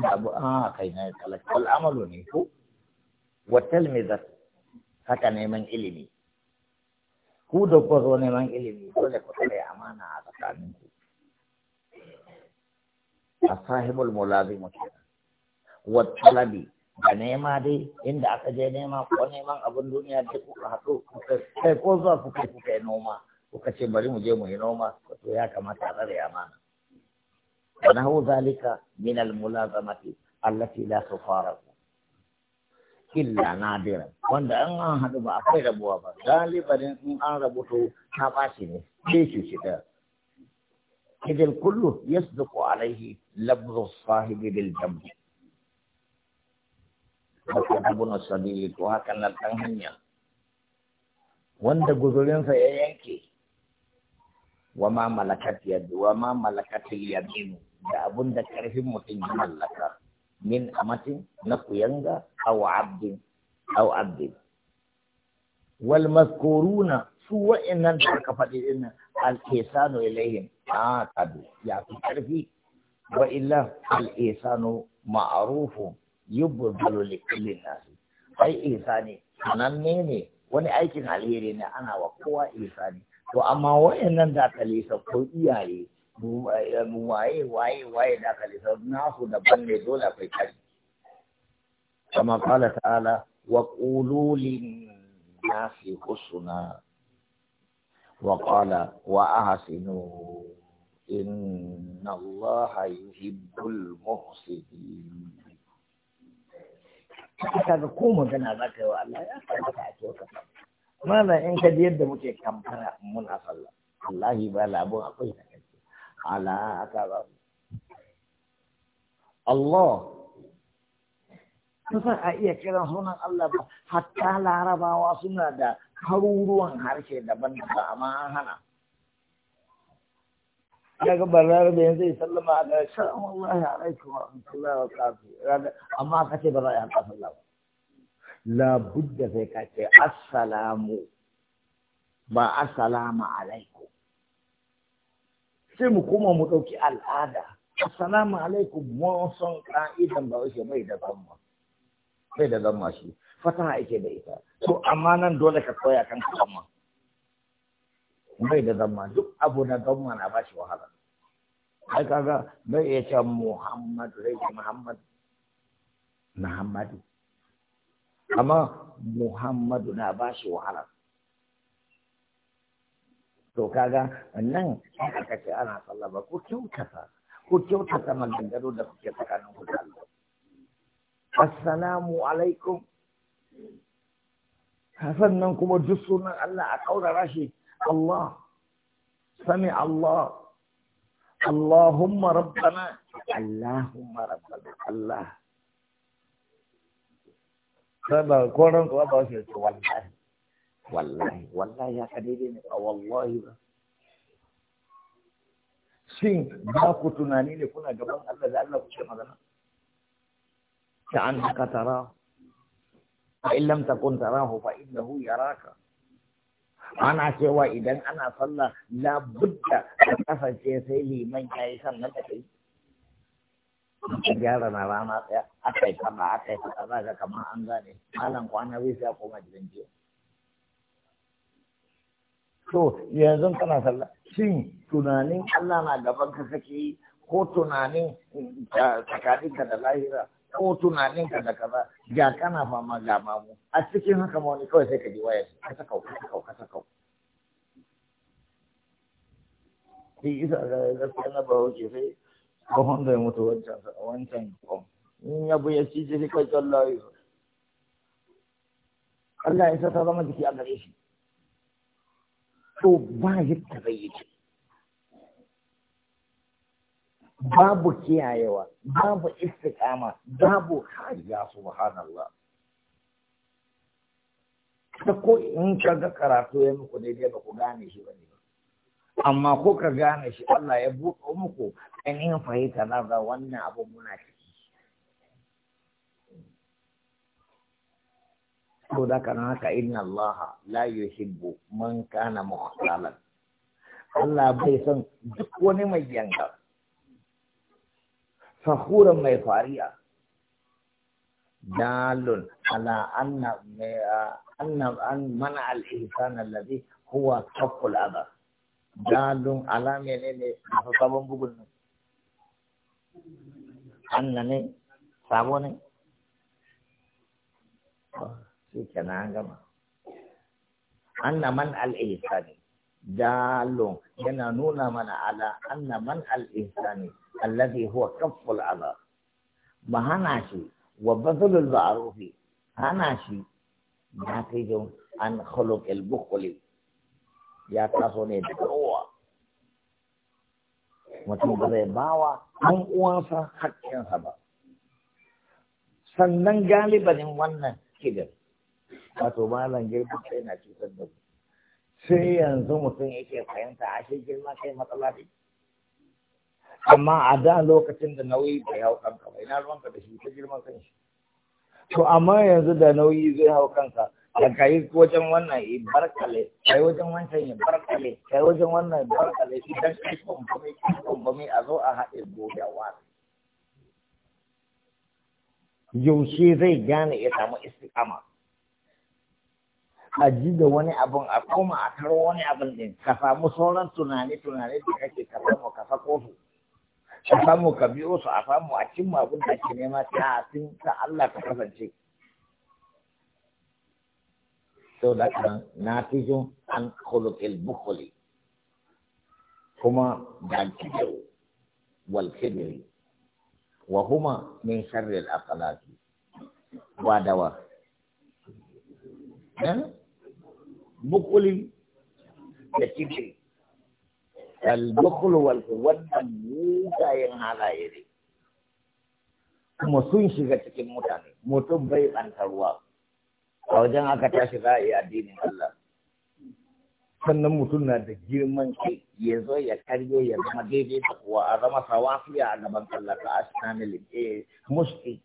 abu a kai na talak wal amalu ne ko wa talmizat haka neman ilimi ku da ku zo neman ilimi dole ku tsare amana a tsakanin ku a sahibul mulazimu kenan wa talabi da nema dai inda aka je nema ko neman abin duniya da kuka haɗu kai ko zuwa kuka kuka noma kuka ce bari mu je mu yi noma to ya kamata a tsare amana wa nahu zalika min al mulazamati allati la tufaraqu illa nadira wanda an an hadu ba akwai rabuwa ba galibarin in an rabuto ta bashi ne ce cuci ta idil kullu yasduqu alaihi labzu sahibi bil jamb abun sabili to hakan nan dan hanya wanda guzurinsa وما ملكت يد وما ملكت اليمين da abun da karfin mutum ya mallaka min amatin na kuyanga aw abdin aw abdin wal mazkuruna su wa'annan da aka faɗi din al ihsanu ilaihim a kadu ya fi karfi wa illa al ihsanu ma'rufu yubdalu li kulli nas ai ihsani sananne ne wani aikin alheri ne ana wa kowa ihsani to amma wayannan da aka ko iyaye waye waye waye da aka lisa nasu daban ne dole kai kari kama kala ta'ala wa qululin nasi husna wa qala wa ahsinu inna allaha yuhibbul muhsinin kaga ko magana zaka yi wa Allah ya kamata a kyauta mana in ka ji yadda muke kamfara muna sallah wallahi ba labun akwai na kanci ala aka ba Allah kusan a iya kiran sunan Allah ba hatta larabawa suna da haruruwan harshe daban daban amma an hana ya ga barar da yanzu ya sallama a ga sha'an wallahi alaikum wa rahmatullahi wa kafi amma aka ce ba za a yi haka sallah ba labudda sai ka ce assalamu ba assalamu alaikum sai mu kuma mu ɗauki al'ada assalamu alaikum mun son ka'idan ba wace mai da zamma mai da zamma shi fataha ake da ita to amma nan dole ka koya kan zamma mai da zamma duk abu na zamma na bashi wahala ai kaga mai iya ce muhammad rai muhammad muhammadu amma Muhammadu na ba shi wahala to kaga nan aka ce ana sallah ba ko kyautata ko kyautata maganganu da kuke tsakanin ku da Allah assalamu alaikum sannan kuma duk sunan Allah a kaurara shi Allah sami Allah Allahumma rabbana Allahumma rabbana Allah ba ko ran ko ba shi wallahi wallahi wallahi ya kade ne a wallahi ba shin ba ku tunani ne kuna gaban Allah da Allah kuke magana ta an haka tara fa in lam takun tarahu fa innahu yaraka ana cewa idan ana sallah la budda ka kasance sai liman yayi sannan da kai ka gyara na rana ɗaya aka yi kaza aka yi kamar an gane malam kwana biyu sai koma gidan jiya to yanzu kana sallah shin tunanin Allah na gaban ka kake yi ko tunanin eh, tsakaninka da lahira ko tunaninka da kaza ga kana fama ga mamu a cikin haka ma wani kawai sai ka ji wayar ka ta kau ka ta kau ka ta kau isa ga eh, gaskiya na bahaushe sai kohon zai mutu wancan wancan kohon wancan ya bu ya cije shi kai tsallaye Allah ya sa ta zama jiki a gare shi to ba yadda zai yi babu kiyayewa babu istiqama babu hajja subhanallah ta ko in ga karatu ya muku daidai ba ku gane shi ba amma ko ka gane shi Allah ya buɗe muku ainihin fahimta na ga wannan abu muna ciki ko da kana haka inna Allah la yuhibbu man kana muhtalan. Allah bai san duk wani mai yanka fahuran mai fariya dalun ala anna anna man al-ihsan alladhi huwa taqul adab dalun ala ne a sabon bugun nan anna oh, ne sabo ne shi kenan an gama anna man al dalun yana nuna mana ala anna man al-ihsani alladhi huwa kafful ala hana shi wa bazlul ma'rufi hana shi ya kai an khuluqil bukhli ya taso ne daga ruwa. mutum ba zai bawa ɗan uwansa haƙƙinsa ba sannan galibanin wannan kidan wato malam girma sai na cutar da ku sai yanzu mutum yake fahimta a shi girma kai matsala ne amma a da lokacin da nauyi bai hau kanka ba ina ruwanka da shi ta girman kanshi to amma yanzu da nauyi zai hau kanka kai yi wajen wannan yi barkale kai wajen wancan yi barkale kai wajen wannan ya barkale idan ka yi kwamfami kwamfami a zo a haɗe gobe wasu. yaushe zai gane ya samu istikama? a ji da wani abin a koma a karo wani abin din ka samu sauran tunani-tunani da kake ka samu ka sako su ka samu ka biyo su a samu a cimma abin da ke nema ta sun ta Allah ka kasance sau da kan natijin an kuma da kiyo wal kibri wa huma min sharri al aqlaqi wa dawa eh bukhli da kibri al bukhlu wannan mugayen halaye ne kuma sun shiga cikin mutane mutum bai ɓantarwa. ruwa a wajen aka tashi za a yi addinin Allah sannan mutum na da girman kai ya zo ya karyo ya zama daidai da kuwa a zama sawafiya a gaban Allah ka asnanil musti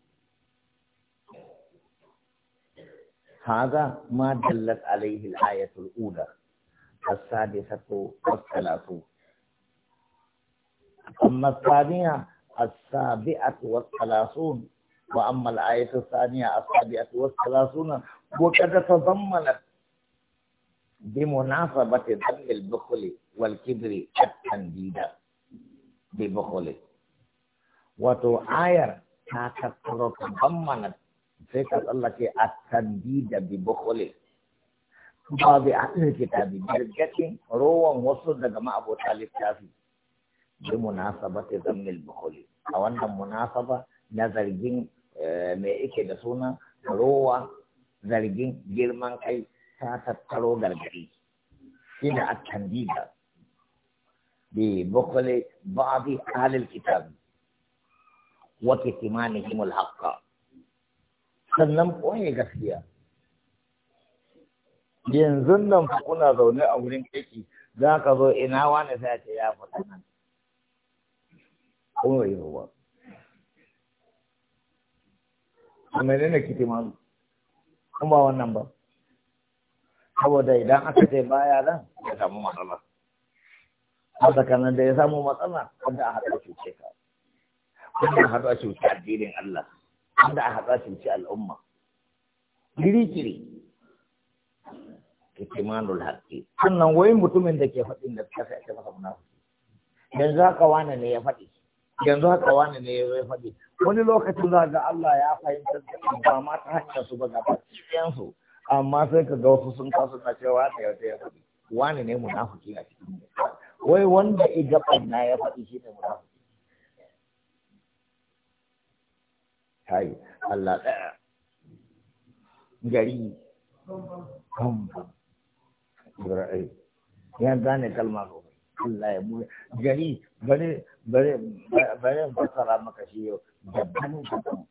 هذا ما دلت عليه الآية الأولى السادسة والثلاثون أما الثانية السابعة والثلاثون وأما الآية الثانية السابعة والثلاثون وقد تضمنت بمناسبة ذم البخل والكبر التنديد ببخل وتو آية تضمنت فيك الله كي التنديد ببخل ba أهل الكتاب برجة روى rowan wasu أبو طالب شافي بمناسبة munasaba البخل zammil bukhuli a wannan munasaba Eh, me yake da suna rowa zargin girman kai ta tattaro gargari shi da attandida bi bukhli ba'di ahlil kitab wa kitmanihim himul haka sannan koyi gaskiya yanzu nan fa kuna zaune a wurin aiki za ka zo ina wani sai ce ya fi nan kuma yi ruwa a menene An kuma wannan ba saboda idan aka ce baya nan ya samu matsala A tsakanin da ya samu matsala wanda a haɗa cuce ka wanda a haɗa cuce addinin Allah wanda a haɗa cuce al'umma kiri-kiri kitimanul haƙƙi sannan wayin mutumin da ke faɗin da ta ake masa munafiki yanzu haka wane ne ya faɗi yanzu haka wani ne ya faɗi wani lokacin za ga Allah ya fahimtar da ba ma ta hanyar su ba gaba cikin su amma sai ka ga wasu sun kasu na cewa ta yau ta ya faɗi wani ne munafiki a cikin wai wanda iga na ya faɗi shi ne munafiki kai Allah ɗaya gari kamfan Ibrahim yan zane kalma sosai Allah ya mu gari gari bari in fassara maka shi yau daban daban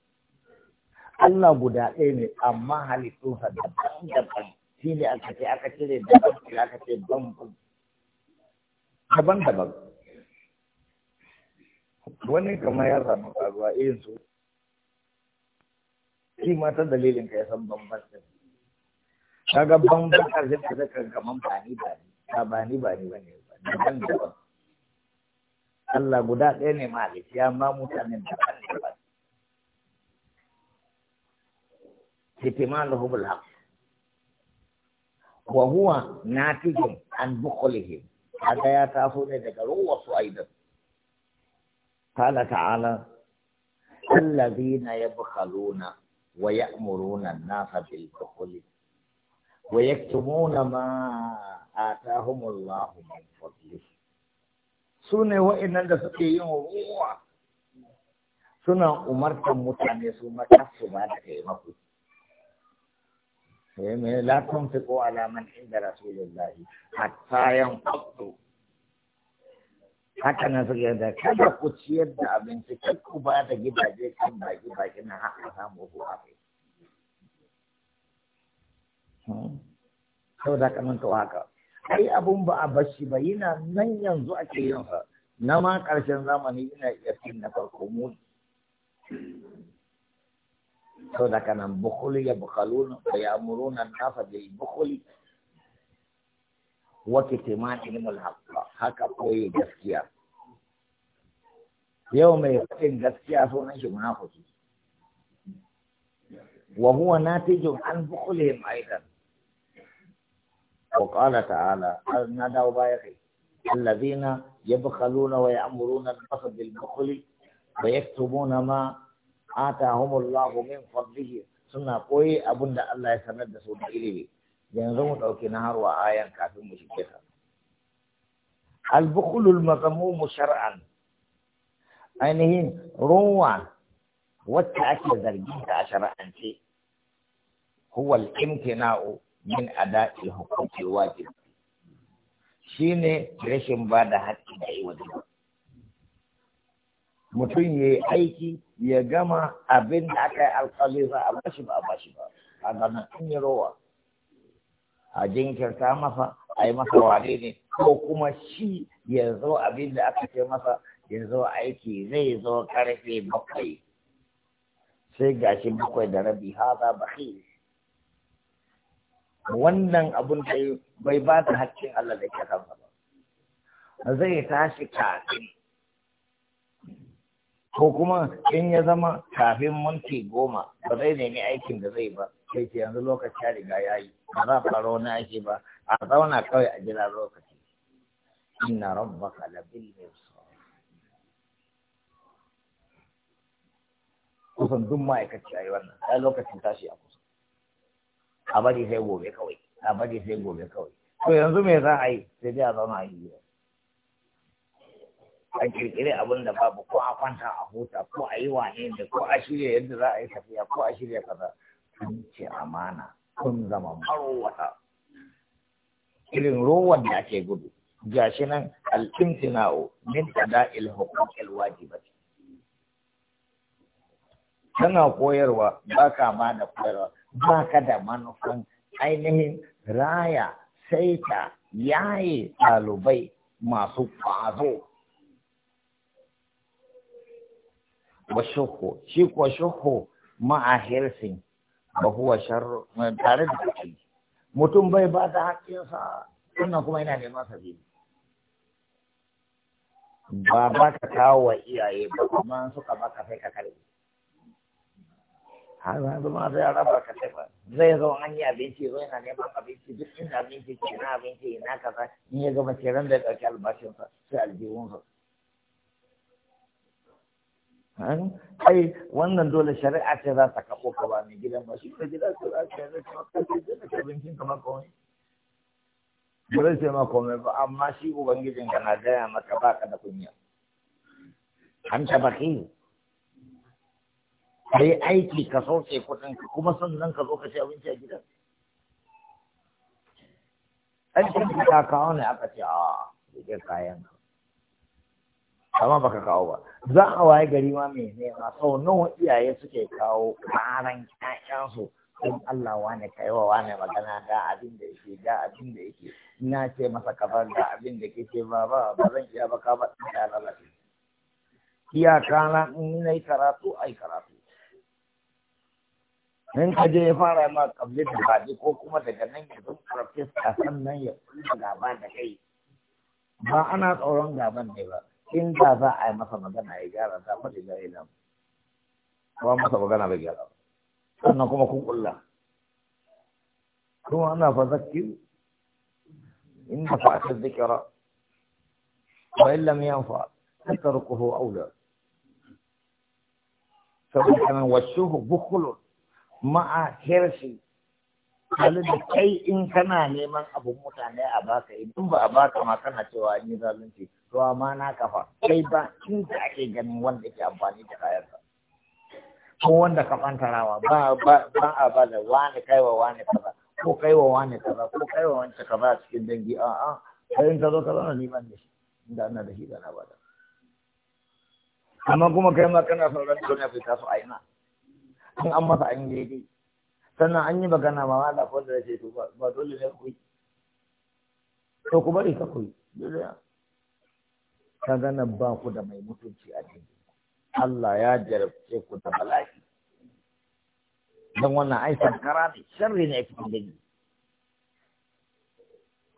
Allah guda ɗaya ne amma halittunsa daban daban shi ne aka ce aka cire daban aka ce bambam daban daban wani kamar ya samu karuwa irin su shi ma ta dalilin ka ya san ɗin kaga zai ka zaka ga kaman ba ni ba ni ba ni ba ni ba ni ba, daban daban Allah guda ɗaya ne ya ma mutanen da ba ne ba kitimaluhu bil haqq wa huwa natijin an bukhlihim haka ya taso ne daga ruwa su aidan قال تعالى الذين يبخلون nasa bil بالبخل Wa yaktumuna ma atahumullahu min fadlihi. su ne wa'annan da suke yin ruwa suna umartan mutane su mata su ba da taimako sai eh, mai latin fi ko alaman inda rasulillahi hatta yanqadu haka na suke da kada ku ciyar da abinci kar ba da gidaje kan baki baki na hmm. haka samu ku hafi. saboda kaman to haka kai abun ba a bashi ba yana nan yanzu ake yin sa na ma ƙarshen zamani ina iya fin na farko mu To da kanan bukuli ya bukaluna wa ya muru muruna nasa yi bukuli wata timanihim alhaqqa haka koyi gaskiya yau mai faɗin gaskiya sunan shi munafiki wa huwa natijun an bukulihim aidan وقال تعالى نادى وبايخي الذين يبخلون ويأمرون الناس بالبخل ويكتبون ما آتاهم الله من فضله سنة قوي أبن الله يسند سنة إليه ينظم يعني أوكي نهار وآية كافي مشكلة البخل المذموم شرعا ainihin يعني روى والتأكد الجنة شرعا هو الامتناء a daɗi hukunci hukuki Shi ne rashin ba da haƙƙi da wajen mutum ya yi aiki ya gama abin da aka yi alƙali za a bashi ba a bashi ba a gana in yi rowa a jinkirta masa a yi masa ware ne ko kuma shi ya zo abin da aka ce masa ya zo aiki zai zo karfe bakwai sai gashi bakwai da rabi haza bakwai wannan abun da bai ba da haƙƙin Allah da ke kansa ba zai tashi kafin ko kuma in ya zama kafin minti goma ba zai nemi aikin da zai ba sai ke yanzu lokaci ya riga ya yi ba za faro na aiki ba a zauna kawai a jira lokaci inna rabbaka labil mirsad kusan duk ma'aikaci a yi wannan sai lokacin tashi a a bari sai gobe kawai a bari sai gobe kawai to yanzu me za a yi sai dai a zauna a yi a kirkiri abin da babu ko a kwanta a huta ko a yi wane da ko a shirya yadda za a yi tafiya ko a shirya kaza sun ce amana sun zama marowata irin rowan da ake gudu gashi nan al-imtina'u min tada'il huquqil wajibati tana koyarwa ba ka ma da koyarwa ba ka da manufan ainihin raya saita yaye ɗalibai masu ƙwazo Washoho, shi kuwa shoho ma'a hirsin ba huwa tare da kuɗi mutum bai ba da haƙƙinsa wannan kuma yana neman biyu. ba ba ka kawo wa iyaye ba kuma suka baka sai ka karbi har yanzu ma sai raba ka sai ba zai zo an yi abinci zo yana neman abinci duk inda abinci ke na abinci ina kaza in ya gama ce ran da ɗauki albashinsa sai aljihunsa ai wannan dole shari'a ce za ta kaɓo ka ba mai gidan ba shi ne gidan su za ta yanzu kuma kai ce da abincin ka ba komai ba zai ma komai ba amma shi ubangijin ka na gaya maka ba ka da kunya an taɓa kiyo ka yi aiki ka sauke kuɗin ka kuma sannan ka zo ka ci abinci a gidan aikin ka kawo ne aka ce a ga kayan ka amma baka kawo ba za a waye gari ma mai nema sau nawa iyaye suke kawo karan ƴaƴansu don Allah wane kai wa wane magana da abin da yake da abin da yake na ce masa kabar da abin da kike ba ba ba zan iya baka ba ya lalace iyaka na in karatu ai karatu in ka je ya fara ma kabli da baɗi ko kuma daga nan ya zan a sannan ya kulla gaba da kai ba ana tsoron gaban ne ba in da za a yi masa magana ya gyara ta faɗi da ila ba masa magana bai gyara sannan kuma kun kulla kuma ana fa zakki in da fa ta zikira wa in lam yanfa tatrukuhu aula saboda kana wasu bukhulun ma'a hirsi hali da kai in kana neman abin mutane a baka idan ba a baka ma kana cewa an yi zalunci to amma na kafa kai ba in da ake ganin wanda ke amfani da kayan ka. ko wanda ka fantarawa ba ba ba a ba da wani kaiwa wani kaza ko kaiwa wani kaza ko kaiwa wani kaza a cikin dangi a a kai in ka zo ka zo ni neman da shi inda ana da shi da na bada amma kuma kai ma kana sauran duniya bai taso a ina an an masa an yi daidai sannan an yi magana ma ma ko da ce to ba dole ne ku yi to ku bari ka ku yi ka gana ba ku da mai mutunci a cikin Allah ya jarabce ku da bala'i dan wannan ai sankara ne sharri ne a cikin dangi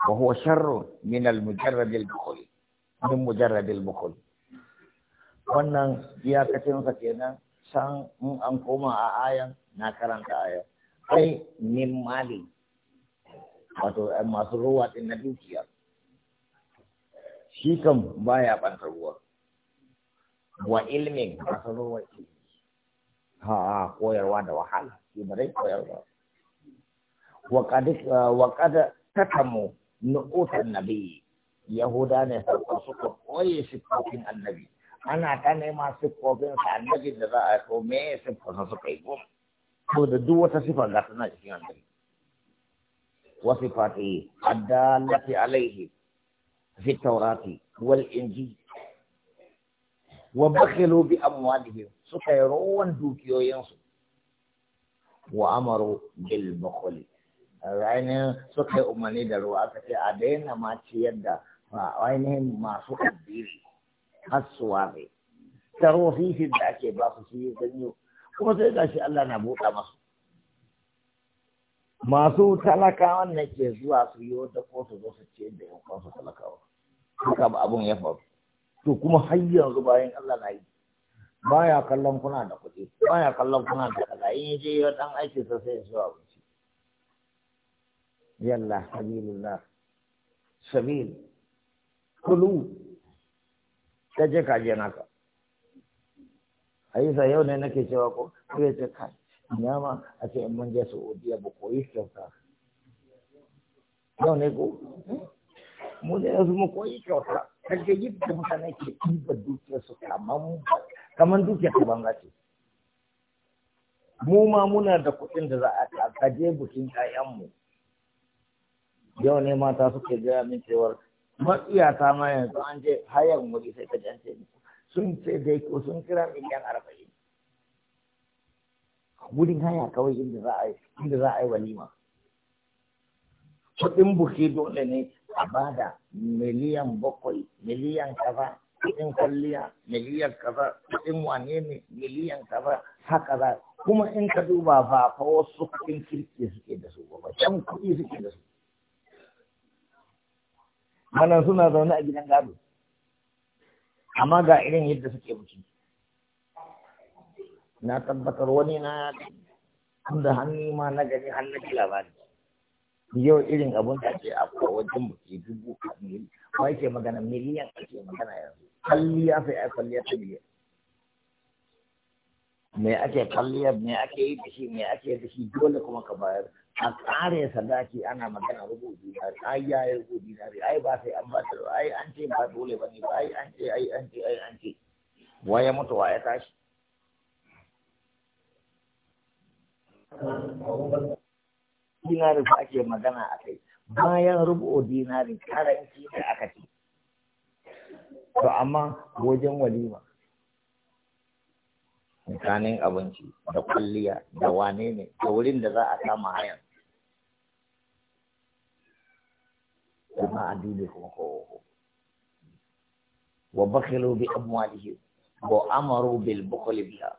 wa huwa sharru min al mujarrad al bukhl min mujarrad al bukhl wannan iyakacin sa kenan san in an koma a ayan na karanta ayan kai min mali wato eh, masu ruwa din na dukiya shi kan baya ɓanta ruwa wa ilmin masu ruwa ha ha koyarwa da wahala shi ba dai koyarwa wa kada eh, tatamu nu'utan nabi yahuda ne suka koye siffofin annabi ana ta nema kofin sa annabi da za a ko me siffofa suka yi ko to da duk wata sifa ga tana cikin annabi wa sifati addalati alaihi fi tawrati wal injil wa bakhilu bi amwalihim suka yi rowan dukiyoyinsu wa amaru bil bukhli ainihin suka yi umarni da ruwa aka ce a daina ma ciyar da ainihin masu addini hassuwabe taro fifi da ake ba su shi ganyo kuma sai shi Allah na buɗa masu masu talaka na ke zuwa su yi wata ko su zo su ce da yan kansu talakawa duka ba abun ya faru to kuma har yanzu bayan Allah na yi baya kallon kuna da kuɗi baya kallon kuna da kala. in je yi wata aiki sa sai zuwa abinci yalla habilullah sabil kulu ka je ka je naka ayisa yau ne nake cewa ko ya ce kai amma ma a ce in mun je Saudiya ba koyi kyauta yau ne ko mu da su mu koyi kyauta yi yadda mutane ke ɗiba dukiyarsu kaman kaman dukiyar ta banga ce mu ma muna da kuɗin da za a kaje bukin ƴaƴanmu yau ne mata suke gaya min cewar matsiyata ma yanzu an je hayan wuri sai ka jance sun ce dai ko sun kira miliyan arba'in gudun haya kawai inda za a yi za a yi walima kuɗin buki dole ne a bada miliyan bakwai miliyan kaza kuɗin kwalliya miliyan kaza kuɗin wane ne miliyan kaza haka za kuma in ka duba ba fa wasu kuɗin kirki suke da su ba can kuɗi suke da su wannan suna zaune a gidan gado amma ga irin yadda suke mutum na tabbatar wani na da hannu ma na gani hannun labari yau irin abun da ke akwai wajen buki dubu a miliyan. wai ke magana miliyan ake magana yanzu kalliya sai a kalliya ta miliyan me ake kalliya me ake yi da shi me ake da shi dole kuma ka bayar a tsare sadaki ana magana rubu dinari ai ya yi rubu dinari ai ba sai an ba ta ai an ce ba dole ba ne ba ai an ce ai an ce ai an ce wa ya mutu wa ya tashi dinari da ake magana a kai bayan rubu dinari karanci da aka ce to amma wajen walima tsakanin abinci da kwalliya da wane ne da wurin da za a kama hayan وما دينهم هو وبخلوا بأموالهم وأمروا بالبخل بها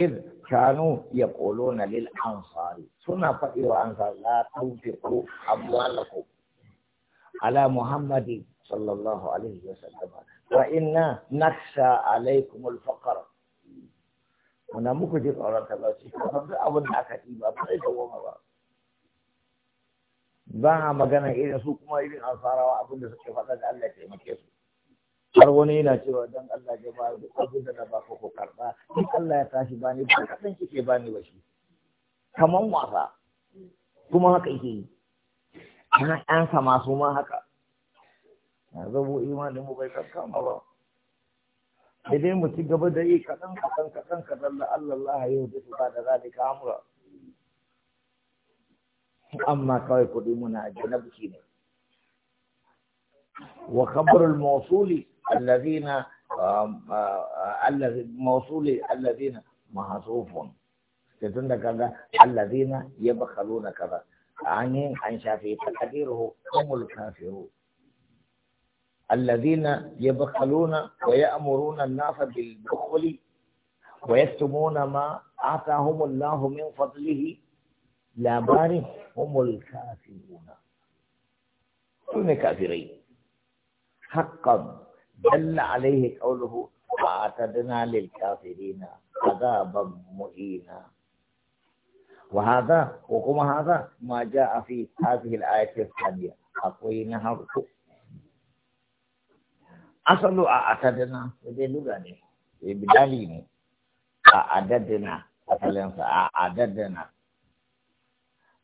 إذ كانوا يقولون للأنصار سنة فقير أنصار لا تنفقوا أموالكم على محمد صلى الله عليه وسلم وإنا نخشى عليكم الفقر muna muku ji tsoron talauci kamar duk ba a magana irin su kuma irin ansarawa abin da suke faɗa da Allah taimake su har wani yana cewa dan Allah ya ba duk abin da na ba ko karɓa? karba in Allah ya tashi ba ni ba kasan kike ba ni ba shi kaman wasa kuma haka yake yi an sama su ma haka na zabo imanin mu bai kankama ba da dai mu ci gaba da yi kaɗan kaɗan kaɗan kaɗan la Allah Allah yau da su ba da zalika amura amma kawai kuɗi muna ajiye na buki ne wa khabarul mawsuli allazina um, uh, allazi mawsuli allazina mahzufun sai tun da kaga allazina yabkhaluna kaza an yi an shafe taqdiruhu humul kafirun الذين يبخلون ويأمرون الناس بالبخل ويكتمون ما آتاهم الله من فضله labarin هم الكافرون هم كافرين حقا دل عليه قوله فأعتدنا للكافرين عذابا مهينا وهذا وكما هذا ما جاء في هذه الآية الثانية أقوينا هرقو أصل أعتدنا بدلوغاني بدليني أعددنا أصلا أعددنا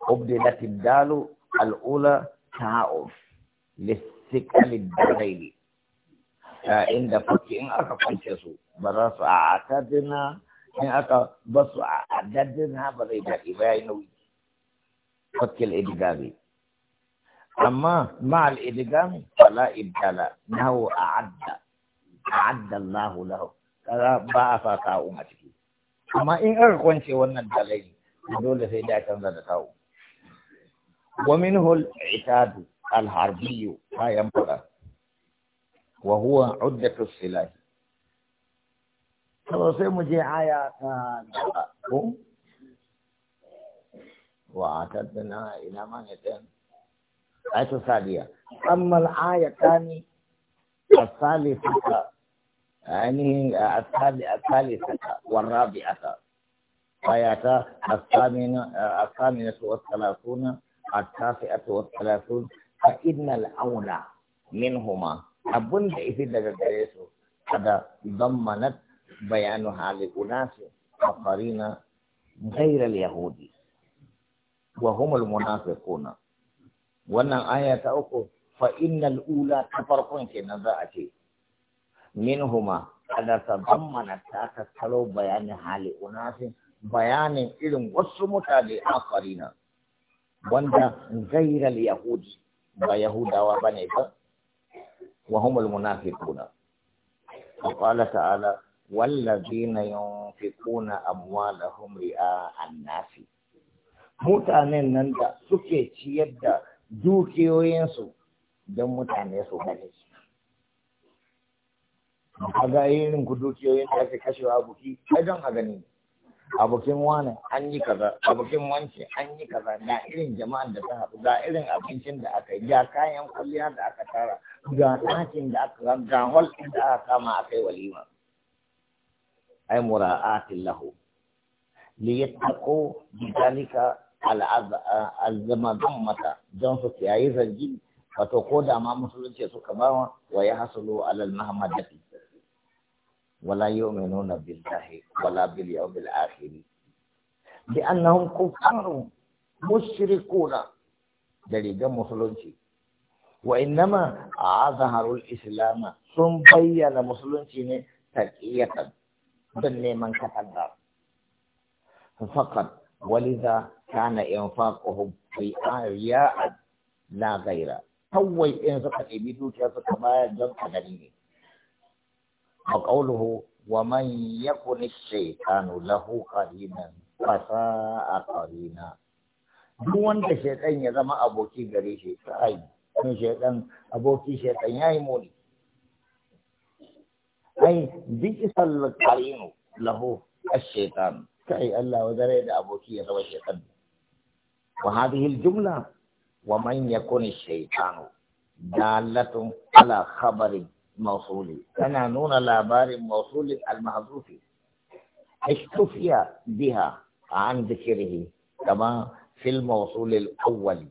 أبدلت الدال الأولى تعاؤف للثقل الدليل عند فك إن أكا فانتسو براس أعتدنا إن أكا بس أعددنا بريد نوي فك الإدقابي أما مع الإدغام فلا إبدال نهو أعد أعد الله له kaza ba a sa ta'un a ciki amma in aka kwance wannan dalili dole sai da canza da ta'un ومنه العتاد الحربي لا ينبغى وهو عدة السلاح سيمو جي آية وعتدنا إلى ما يتم آية الثانية أما الآية الثانية الثالثة يعني الثالثة والرابعة آيات الثامنة الثامنة والثلاثون at-tasi'atu wa thalathun fa innal awla minhuma abun da ifi daga gare su kada dammanat bayanu hali unasi akharina ghayr al-yahudi wa hum al-munafiquna wannan aya ta uku fa innal ula ta farkon kenan za a ce minhuma kada ta dammanat ta tattalo bayanin hali unasi bayanin irin wasu mutane a farina wanda gairal yahudi ba yahudawa ba ne ba wa humul munafiquna qala ta'ala ladina yunfiquna amwalahum ri'a an-nasi mutanen nan da suke ciyar da dukiyoyinsu don mutane su gane ga irin ku dukiyoyin da ake kashewa buki ai don a gani abokin wani an yi kaza abokin wanci an yi kaza ga irin jama'a da ta haɗu ga irin abincin da aka yi ga kayan kwalliya da aka tara ga ɗakin da aka ga hol da aka kama aka kai walima ai mura'atin lahu liyattaqu bidalika al'azamadan mata don su kiyaye zargi wato ko da ma musulunci suka bawa wa ya hasulu alal mahammadati ولا يؤمنون بالله ولا باليوم الآخر لأنهم كفار مشركون دليل مسلمين وإنما أظهروا الإسلام ثم بين مسلمين تكية بن من كفر فقط ولذا كان إنفاقهم رياء لا غير هو إنفاق suka ɗebi dukiya suka وقوله ومن يكن الشيطان له قرينا فساء قرينا duk wanda shaitan ya zama aboki gare shi kai sun shaitan aboki shaitan yayi muni ai duk isal qarinu lahu ash-shaytan kai Allah wa dare da aboki ya zama shaitan wa hadhihi al-jumla wa man yakun ash-shaytanu dalatun ala khabari موصولي أنا نون لابار موصول المحذوف اشتفي بها عن ذكره كما في الموصول الأول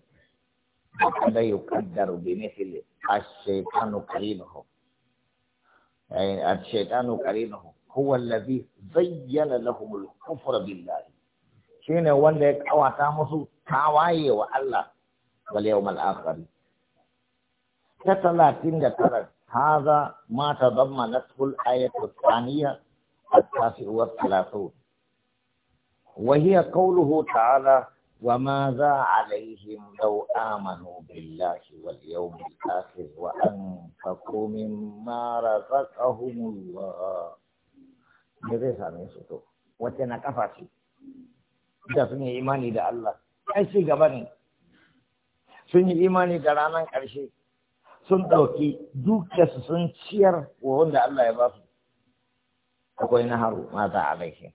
وقد يقدر بمثل الشيطان قرينه يعني الشيطان قرينه هو الذي زين لهم الكفر بالله شين وان كواتا مسو تاواي والله واليوم الآخر تتلاتين ترى هذا ما تضمنته الآية الثانية التاسع والثلاثون وهي قوله تعالى وماذا عليهم لو آمنوا بالله واليوم الآخر وأنفقوا مما رزقهم الله ماذا سامي سوتو وتنا كفاشي دفني إيماني yi imani da Allah ai ci gaba ne sun yi sun ɗauki su sun ciyar wa wanda Allah ya ba su akwai na haru maza a laifi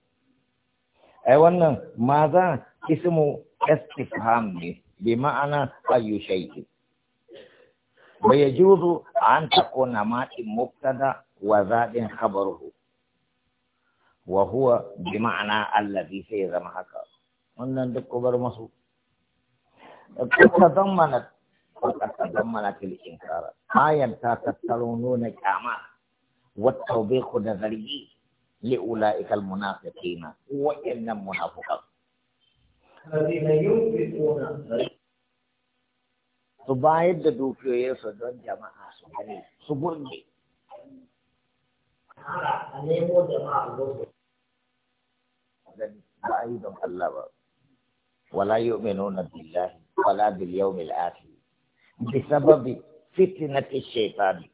ai wannan maza ismu istifham ne bi ma'ana ayu shay'in wa a an tako takuna mati mubtada wa zadin khabaruhu wa huwa bi ma'ana Allah zai sai zama haka wannan duk kubar masu ta zama وتتضمنت الإنكار آية تترونون كما والتوبيخ نظري لأولئك المنافقين وإن المنافقين الذين ينفقون su bayar da dukiyoyinsu don jama'a su gani su burge. A nemo jama'a burge. Ba a yi don Allah ba. Wala yi umarnu na billahi, wala bil yau mil afi. bi sababi fitnati shaytani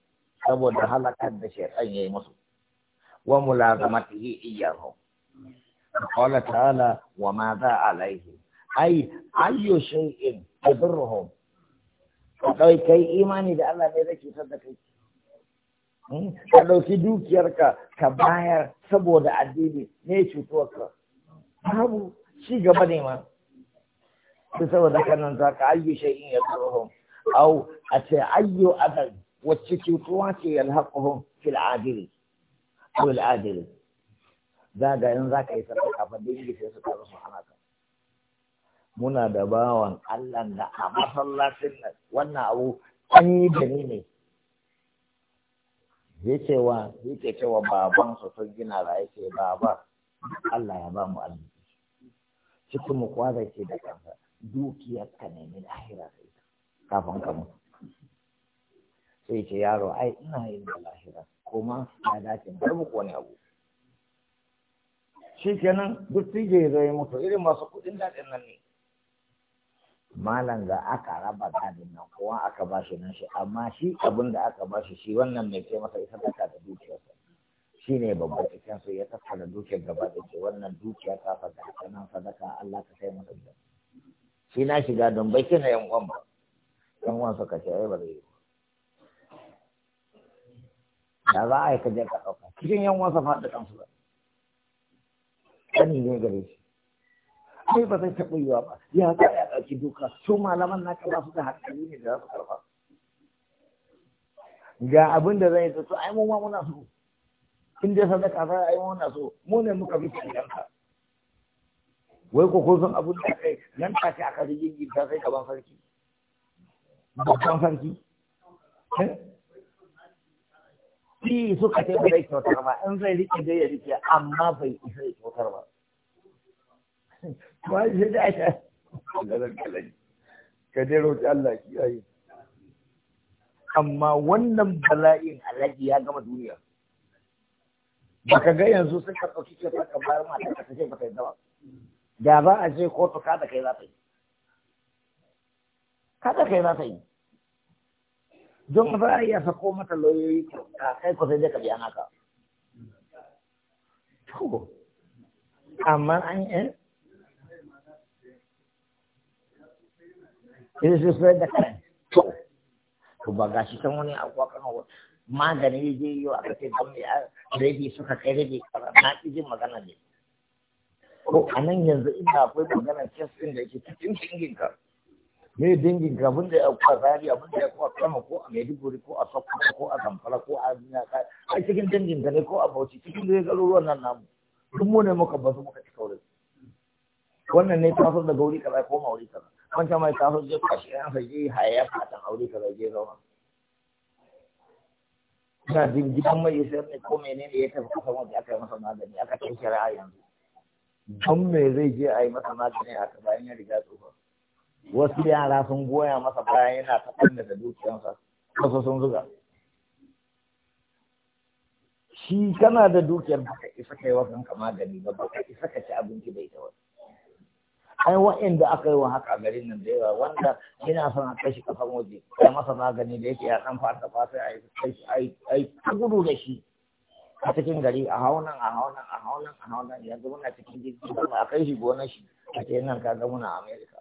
saboda halakar da ya yi musu wa mulazamatihi iyyahu qala ta'ala wa ma za alaihi ai ayyu shay'in yadurruhum ka dai kai imani da Allah ne zai cutar da kai hmm? ka ɗauki dukiyarka ka baya saboda addini ne cutuwarka babu shi gaba ne ma su saboda kanan za ka ayyu shay'in yadurruhum أو a ce ayyo adal wacce cutuwa ce yalhaquhum fil adili إن ذاك يتبقى za ga in za ka yi su muna da bawan Allah da a masallacin nan wannan abu an yi da ni ne yake wa yake cewa baban su sun gina da yake baba Allah ya ba mu arziki cikin mu kwaza ke da kansa dukiyar ka nemi lahira kafin ka mutu sai ce yaro ai ina yin da lahira kuma ya dace bar ko wani abu shi kenan duk tije ya zai mutu irin masu kuɗin daɗin nan ne malam da aka raba gadin nan kuma aka ba shi nan shi amma shi abin da aka ba shi shi wannan mai ce masa ita daga da dukiyarsa shi ne babban cikin sai ya tattara dukiyar gaba da ke wannan dukiya ta faɗa nan sadaka Allah ka kai masa shi na shiga don bai kina yan uwan ba kan wansa ka shaye ba zai yi ba za a yi ka ka ɗauka cikin yan wasa faɗi kansu ba ƙani ne gare shi ai ba zai taɓa yiwa ba ya za a ɗauki duka su malaman na ka ba su da hankali ne da za su karfa ga abin da zai su ai mu ma muna so in dai sadaka za a yi muna so mu ne muka fi kyanka wai ko kun san abin da kai nan take aka ji yin ta sai ka ban sarki babban sarki eh? shi suka ce ba zai kyautar ba in zai riƙe dai ya rike amma bai isa ya kyautar ba ba shi da aka ka dai roƙi Allah kiyaye amma wannan bala'in alaji ya gama duniya baka ga yanzu suka ɗauki kyautar bayan mata ka ce ba ta yi ba da ba a je kotu ka da kai za ta yi kada kai za ta yi don ba a iya sako mata lauyoyi kyauta kai ku sai dai ka biya naka to amma an yi Yesu sai da karen to to ba ga shi kan wani abuwa kan wani magani ya je yi wa aka ce don ya rabi suka kai rabi na ƙi magana ne ko a nan yanzu ina akwai maganar kes da yake cikin ka. me dangin ka abin da ya kuwa tsari abin da ya kuwa kama ko a maiduguri ko a sokoto ko a zamfara ko a ka a cikin dangin ka ne ko a bauchi cikin da ya garuruwan nan namu duk mu ne muka basu muka ci kaurin wannan ne taso da gauri kaza ko mauri kaza wancan mai taso je kwashi yan sa je haya fatan aure kaza je zauna ina jin gidan mai yasa ne ko menene ya tafi kasan wanda aka yi masa magani aka kai shari'a yanzu don me zai je a yi masa magani a bayan ya riga tsufa wasu yara sun goya masa baya yana taɓanna da dukiyansa wasu sun zuga shi kana da dukiyar baka isa kai wakan kama gani ba baka isa ka ci abinci bai da wani ai wa'inda aka yi wa haka a garin nan da yawa wanda yana son a kashi kafan waje ya masa magani da yake ya san fasa fasa ya yi a yi gudu da shi a cikin gari a haunan a haunan a haunan a haunan yanzu muna cikin jirgin sama a kai shi gonar shi a ce nan ka ga muna america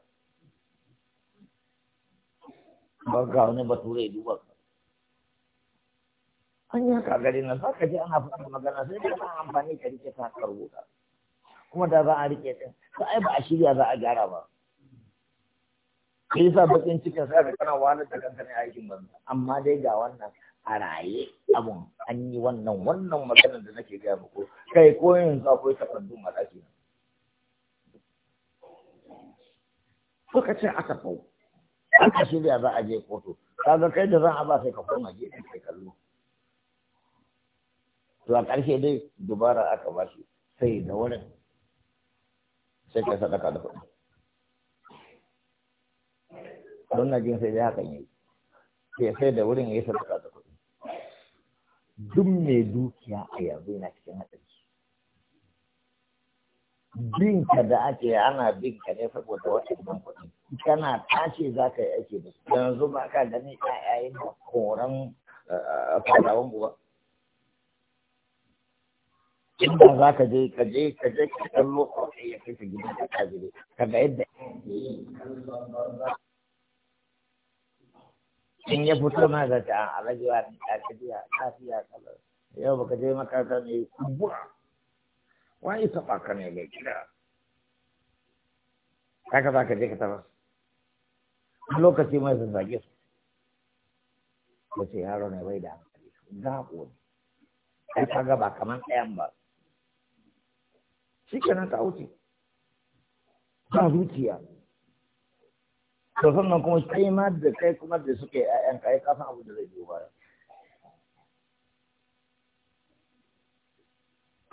ba ga wani Ture duba ka an yi haka gari nan za ka ji ana faɗin magana sai da ana amfani ka rike ta ka rubuta kuma da za a rike ta ba ai ba a shirya za a gyara ba yi sa bakin cikin sa ka kana wani da kanka ne aikin banza amma dai ga wannan a raye abun an yi wannan wannan maganar da nake gaya muku kai ko yanzu akwai takardun a suka ce aka fau aka shirya za a je kotu kaga kai da zan haba ba sai ka koma gefe kai kallo to a ƙarshe dai dubara aka ba shi sai da wurin sai ka sadaka da kuɗi don na jin sai dai hakan yi sai sai da wurin ya yi sadaka da kuɗi duk mai dukiya a yanzu yana cikin haɗari. binka da ake ana binka ne saboda wata ɗan kuɗi kana tashi za ka yi aiki da su yanzu ba ka gani ƴaƴayen koran eh, fadawan uwa inda za ka je ka je ka je ka ɗan lokaci ya kai ka gidan ka kajire ka ga yadda in ya fito na da ta alajiwa ne ta a ta a kalar yau baka je makaranta ne kubuwa wa isa baka ne mai gida Ka za ka je ka a lokaci mai zazzage su da ce yaro ne bai da hankali gaɓo ne ai ka gaba kamar ɗayan ba shi kenan ka wuce ba zuciya to sannan kuma kai ma da kai kuma da suke ƴaƴan kai ka san abu da zai biyo baya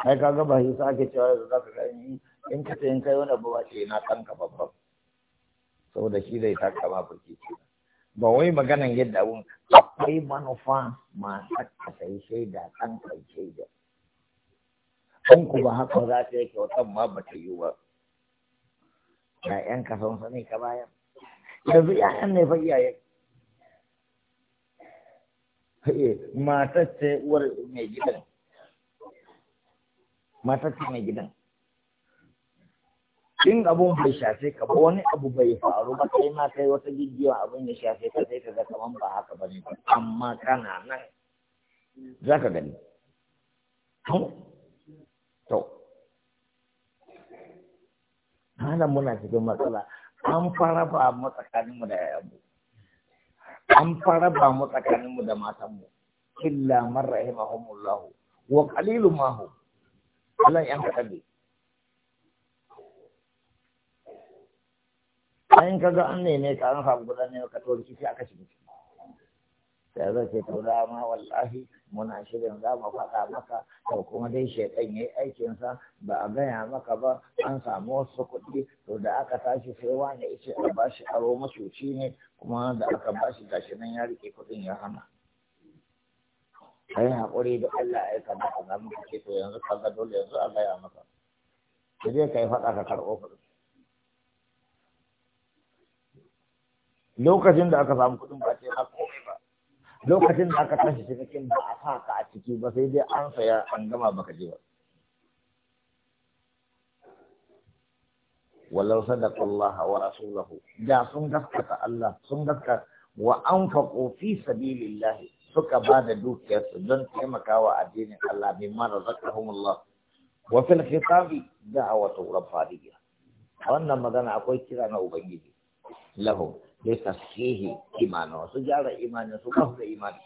ai ka ga ba shi sa ake cewa yanzu za ka gani in ka in kai wani abuwa ba ce na kanka babban saboda shi zai taka kama fuki ba wai maganan yadda abun akwai manufa haka ka yi shaida kan kai shaida An ku ba haka za ta yake wata ma ba ta yi ba ka sun sani ka bayan yanzu 'ya'yan ne fa iyayen eh, Mata ce uwar mai gidan matar mai gidan in abun bai shafe ka ba wani abu bai faru ba kai ma kai wata gigiya abin ya shafe ka sai ka ga kaman ba haka ba ne amma kana nan za ka gani hmm? to hana muna cikin matsala an fara ba mu tsakaninmu da yayanmu an fara ba mu tsakaninmu da matanmu illa man rahimahumullahu wa qalilu ma Allah yan kaɗan ne bayan ka ga an ne ka an samu ne ka tori kifi aka shi ciki sai zai ce to dama wallahi muna shirin za mu faɗa maka to kuma dai shaidan ya yi aikinsa ba a gaya maka ba an samu wasu kuɗi to da aka tashi sai wani ya ce a bashi aro macuci ne kuma da aka bashi gashi nan ya riƙe kuɗin ya hana Ka kai haƙuri da Allah ya kama ka ga muka ce to yanzu ka ga dole yanzu Allah ya maka sai dai kai faɗa ka karɓo kuɗi lokacin da aka samu kuɗin ba ce na komai ba lokacin da aka tashi cikakken ba a sa ka a ciki ba sai dai an saya an gama baka je ba walau sadaqa Allah wa rasulahu da sun gaskata Allah sun gaskata wa anfaqu fi sabilillahi suka ba da dukiyarsu don taimakawa addinin Allah min mara zakahumullah wa fil khitabi da'awatu A wannan magana akwai kira na ubangiji lahum ta tasfihi imanu su jara imanin su kafa da imani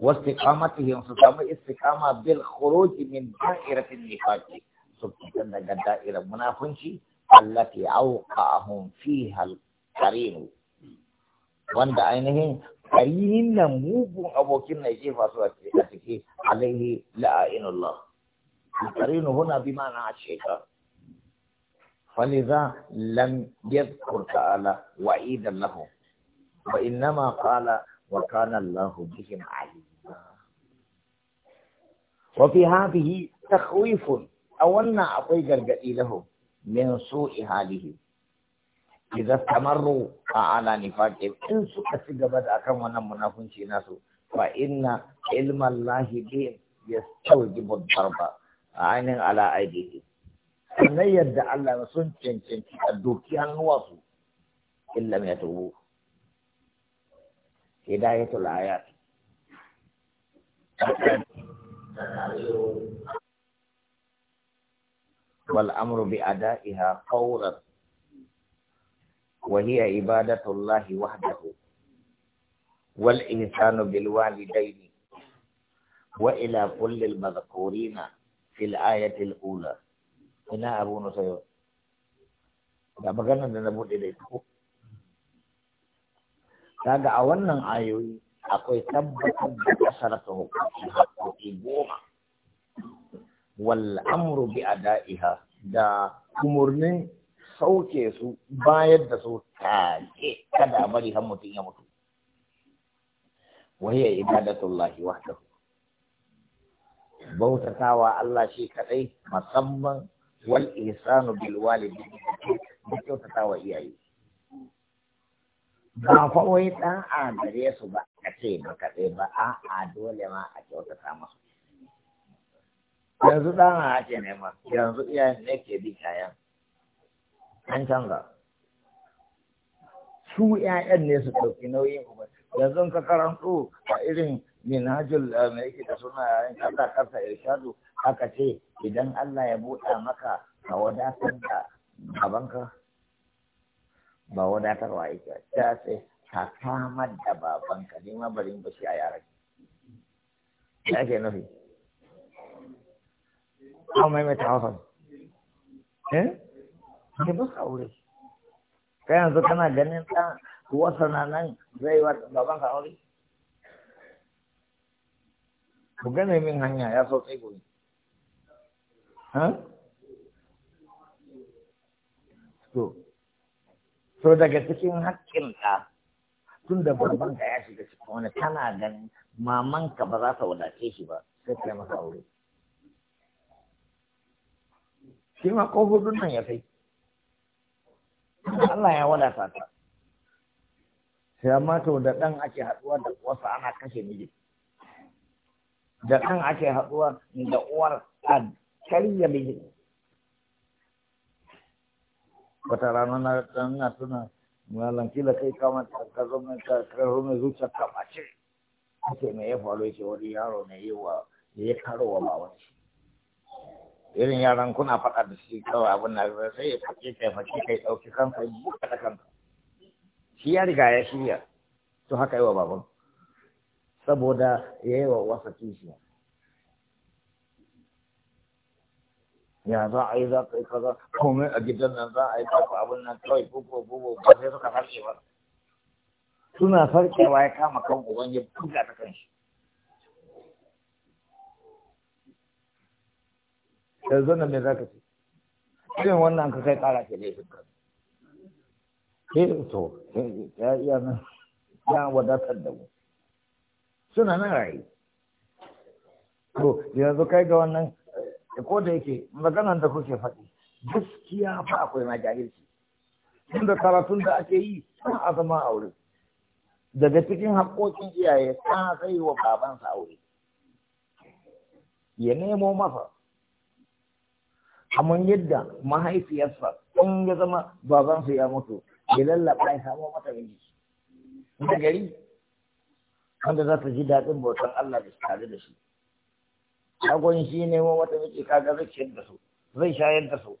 Wasu istiqamatihim su samu kama bil khuruj min da'iratin nifaki. su fita daga da'irar munafunci Allah allati auka fiha al-qarin wanda ainihin ƙarimin nan mugun abokin na jefa su a ciki alaihi الله القرين هنا بمعنى الشيطان فلذا لم يذكر تعالى وعيدا له وإنما قال وكان الله بهم عليما وفي هذه تخويف أولنا أعطي قرقئي له من سوء هذه idza tamarru a ala nifaqin in suka ci gaba da akan wannan munafunci nasu fa inna ilma allahi bihim yastawjibu darba ainin ala aidihi sannan yadda Allah sun cancanci a doki hannuwansu illam tubu hidayatul ayat wal amru bi ada'iha qawlan وهي عبادة الله وحده والإنسان بالوالدين وإلى كل المذكورين في الآية الأولى هنا أبو نصير da maganar da na buɗe da ita kaga a wannan ayoyi akwai tabbatar da kasar ta hukunci haƙoƙi goma wal amru bi ada'iha da umurnin sauke su bayar da su take kada a bari har mutum ya mutu wahiyar ibadatullahi wahdahu bautatawa Allah shi kadai musamman wal ihsanu bil walidi da kyautatawa iyaye ba fa wai dan a gare su ba a ce ba kadai ba a a dole ma a kyautata masu. yanzu dan a ake nema yanzu iyayen ne ke bi kayan an canza su ƴaƴan ne su ɗauki nauyin uba yanzu ka karanto a irin minhajul eh, mai yake da suna yayin ƙasa ya irshadu aka ce idan Allah ya buɗa maka ka wadatar da babanka ba wadatarwa yake ta ce ka samar da babanka ne ma bari ba shi a yaran ya ke nufi mai ta hausa eh ne ba su aure ka yanzu kana ganin ta wasa na nan zai wa baban ka aure ku gane min hanya ya so tsaye gobe to so daga cikin haƙƙin ta tun da baban ka ya shiga cikin wani tana ganin ka ba za ta wadace shi ba sai ka masa aure shi ma ƙofofin nan ya kai Allah ya wadata ta sai amma to da ɗan ake haɗuwa da wasu ana kashe miji da ɗan ake haɗuwa da uwar a karya miji wata rana na ɗan na suna malam kila kai kama ka zo mai karo mai zuciya kamace ake mai ya faru shi ce wani yaro ne yi wa ya karo wa ba wani. irin yaran kuna faɗa da shi kawai abin na zai sai ya fake kai fake kai ɗauki kanka yi da kansa shi ya riga ya shirya to haka yi wa baban saboda ya yi wa wasa kishiya ya za a yi za ka yi kaza komai a gidan nan za a yi kafa abin nan kawai bubo bubo ba sai suka farke ba suna farkewa ya kama kan uban ya buga ta kan shi yanzu nan me zaka ce irin wannan ka kai kara ke ne shukar ke to ya iya nan ya wadatar da mu suna nan rayu to yanzu kai ga wannan eh, ko da yake maganan da kuke faɗi gaskiya fa akwai ma jahilci tunda karatun da ake yi sun a zama aure daga cikin haƙoƙin iyaye ta sai wa babansa aure ya nemo masa kamar yadda mahaifiyarsa in ya zama babansa ya mutu ya lallaba ya samu mata miji da gari wanda za ta ji daɗin bautan Allah da tare da shi agon shi nemo mata miji kaga zai ciyar da su zai shayar da su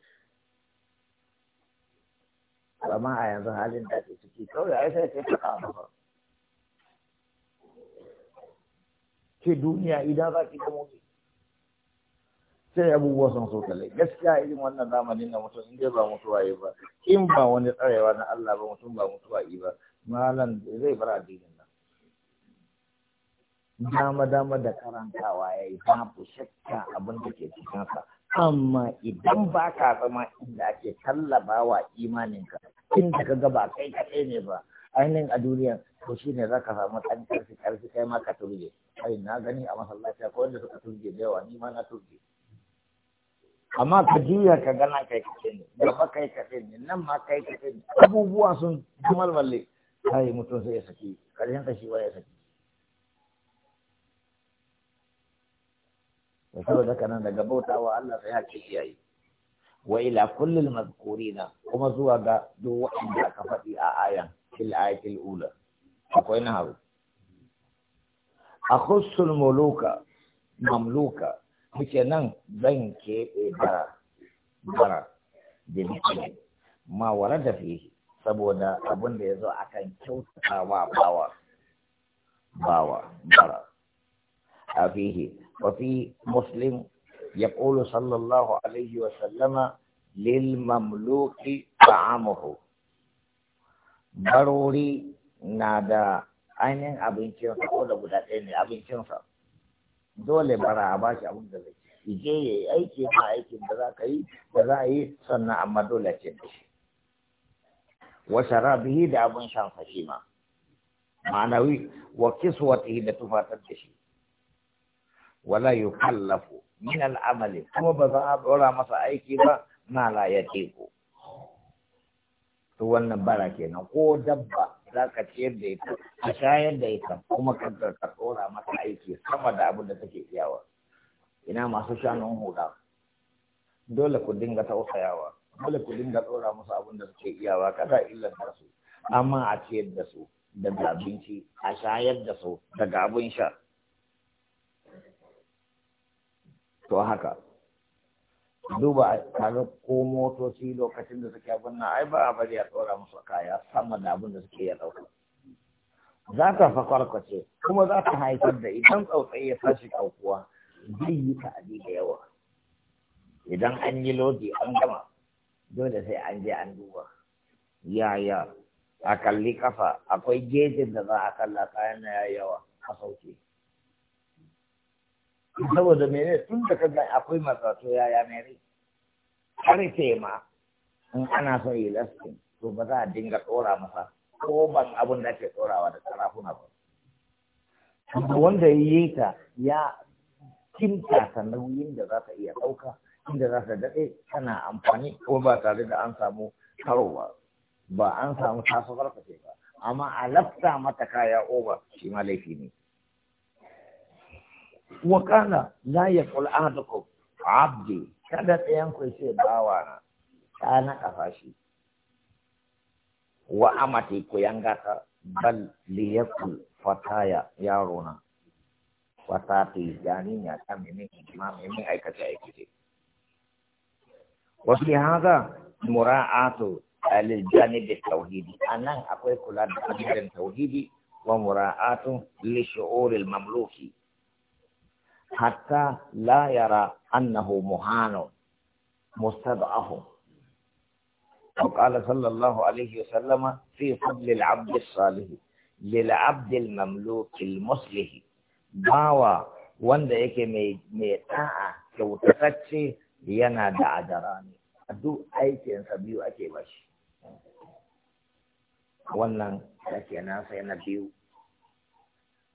amma a yanzu halin da ke ciki kawai ai sai sai ta kawo ke duniya idan za ki ga mutu sai abubuwa sun so kalai gaskiya irin wannan zamanin na mutum in dai ba mutuwa yi ba in ba wani tsarewa na Allah ba mutum ba mutuwa yi ba malam zai bar addinin nan dama dama da karantawa ya yi babu shakka abin da ke cikin sa amma idan ba ka zama inda ake tallabawa imaninka inda ka ga ba kai kaɗai ne ba ainihin a duniya to shi ne za ka samu ɗan ƙarfi ƙarfi kai ma ka turge ai na gani a masallaci ko wanda suka turge da yawa ni ma na turge amma ka juya ka gana kai kace ne gaba kai kace ne nan ma kai kace ne abubuwa sun malmalle kai mutum sai ya saki karshen ka shi ya saki da kana daga bautawa Allah sai hakki iyaye wa ila kullil mazkurina kuma zuwa ga duk wanda aka faɗi a ayan fil ayatil ula akwai na haru akhussul muluka mamluka muke nan zan keɓe bara bara da nake ma wara da fi saboda abin da ya zo akan kyautata wa bawa bawa bara a fihi wa fi sallallahu alaihi wa sallama lil mamluki للمملوك طعامه barori na da ainihin abincinsa ko da guda ɗaya ne abincinsa dole bara a ba abin da zai je ya yi aiki ma aikin da za ka yi da za a yi sannan amma dole ce da shi wa sharabihi da abin shan fashi ma ma'anawi wa kiswatihi da tufatar da shi wala yukallafu min al'amali kuma ba za a dora masa aiki ba na la to wannan bara kenan ko dabba za ka ciyar da ita a shayar da ita kuma ka ka tsora mata aiki sama da abin da take iyawa ina masu shanun huda dole ku dinga tausayawa dole ku dinga tsora musu abin da suke iyawa kada illar da su amma a ciyar da su daga abinci a shayar da su daga abin sha to haka duba kaga ko motoci lokacin da suke abin nan ai ba a bari a tsora musu kaya sama da abin da suke ya ɗauka za ta ce, kuma za ta haifar da idan tsautsayi ya tashi kaukuwa zai yi abi da yawa idan an yi lodi an gama dole sai an je an duba yaya a kalli kafa akwai gejin da za a kalla kayan na yawa a sauke saboda mene tun da kaga akwai matsato yaya mere sai ma in ana son yi lastin to ba za a dinga tsora masa ko ban abin da ake tsorawa da karafuna ba wanda ya yi ta ya kimta ta nauyin da za ta iya ɗauka inda za ta daɗe tana amfani ko ba tare da an samu karo ba an samu ce ba amma a lafta mata kaya oba shi ma laifi ne wakana la ya adukum abdi kada ɗayan ku ce bawa kana kafashi wa amati ku yanga bal liyakul fataya yaro na fatati yani ya ta mimi ma mimi aikace aikace wa fi hada mura'atu al-janib at-tauhidi anan akwai kula da tauhidi wa mura'atu li shu'ur mamluki حتى لا يرى أنه مهان مستضعف وقال صلى الله عليه وسلم في فضل العبد الصالح للعبد المملوك المصلح باوا وند ايكي مي كو تفتشي ينا دعجراني ادو اي كين سبيو اكي باش ونن اكي ناسي نبيو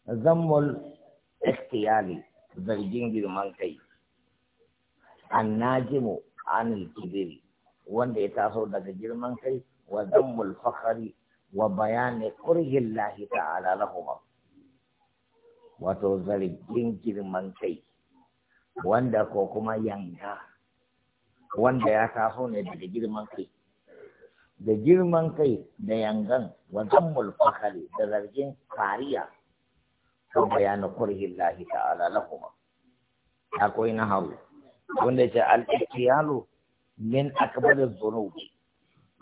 ذم الاختيالي zargin girman kai annajimu anil kibiri wanda ya taso daga girman kai wa zammul fakhari wa bayani kurhin lahi ta'ala lahuma wato zargin girman kai wanda ko kuma yanga wanda ya taso ne daga girman kai da girman kai da yangan wa zammul fakhari da zargin fariya kan bayana kurhi Allah ta'ala lahuma akwai na hau wanda ce al min akbar az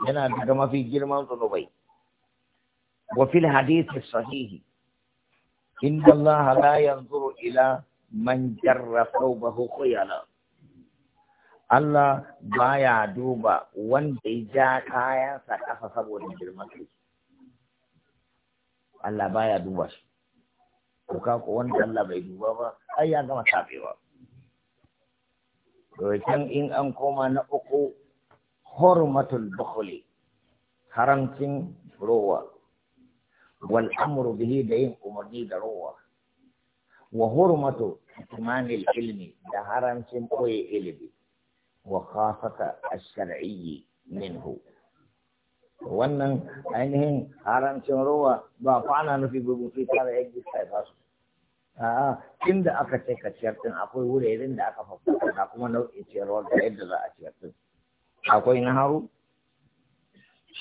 yana daga mafi girman zunubai wa fil hadith sahihi. sahih inna Allah la yanzuru ila man jarra thawbahu khuyala Allah baya duba wanda ya ja kayansa kasa saboda girman shi. Allah baya duba shi ko ka ko wanda Allah bai duba ba ai ya gama tafewa to can in an koma na uku hurmatul bukhli haramcin rowa wal amru bihi da yin umarni da rowa wa hurmatu kitmanil ilmi da haramcin koye ilimi wa khafata ash-shar'iyyi minhu wannan ainihin haramcin ruwa ba kwana nufi gudu fi tara ya gista ya fasu a'a inda aka ce ka ciyar din akwai wuraren da aka fafuka kuma nau'in ciyarwar da yadda za a ciyar din akwai na haru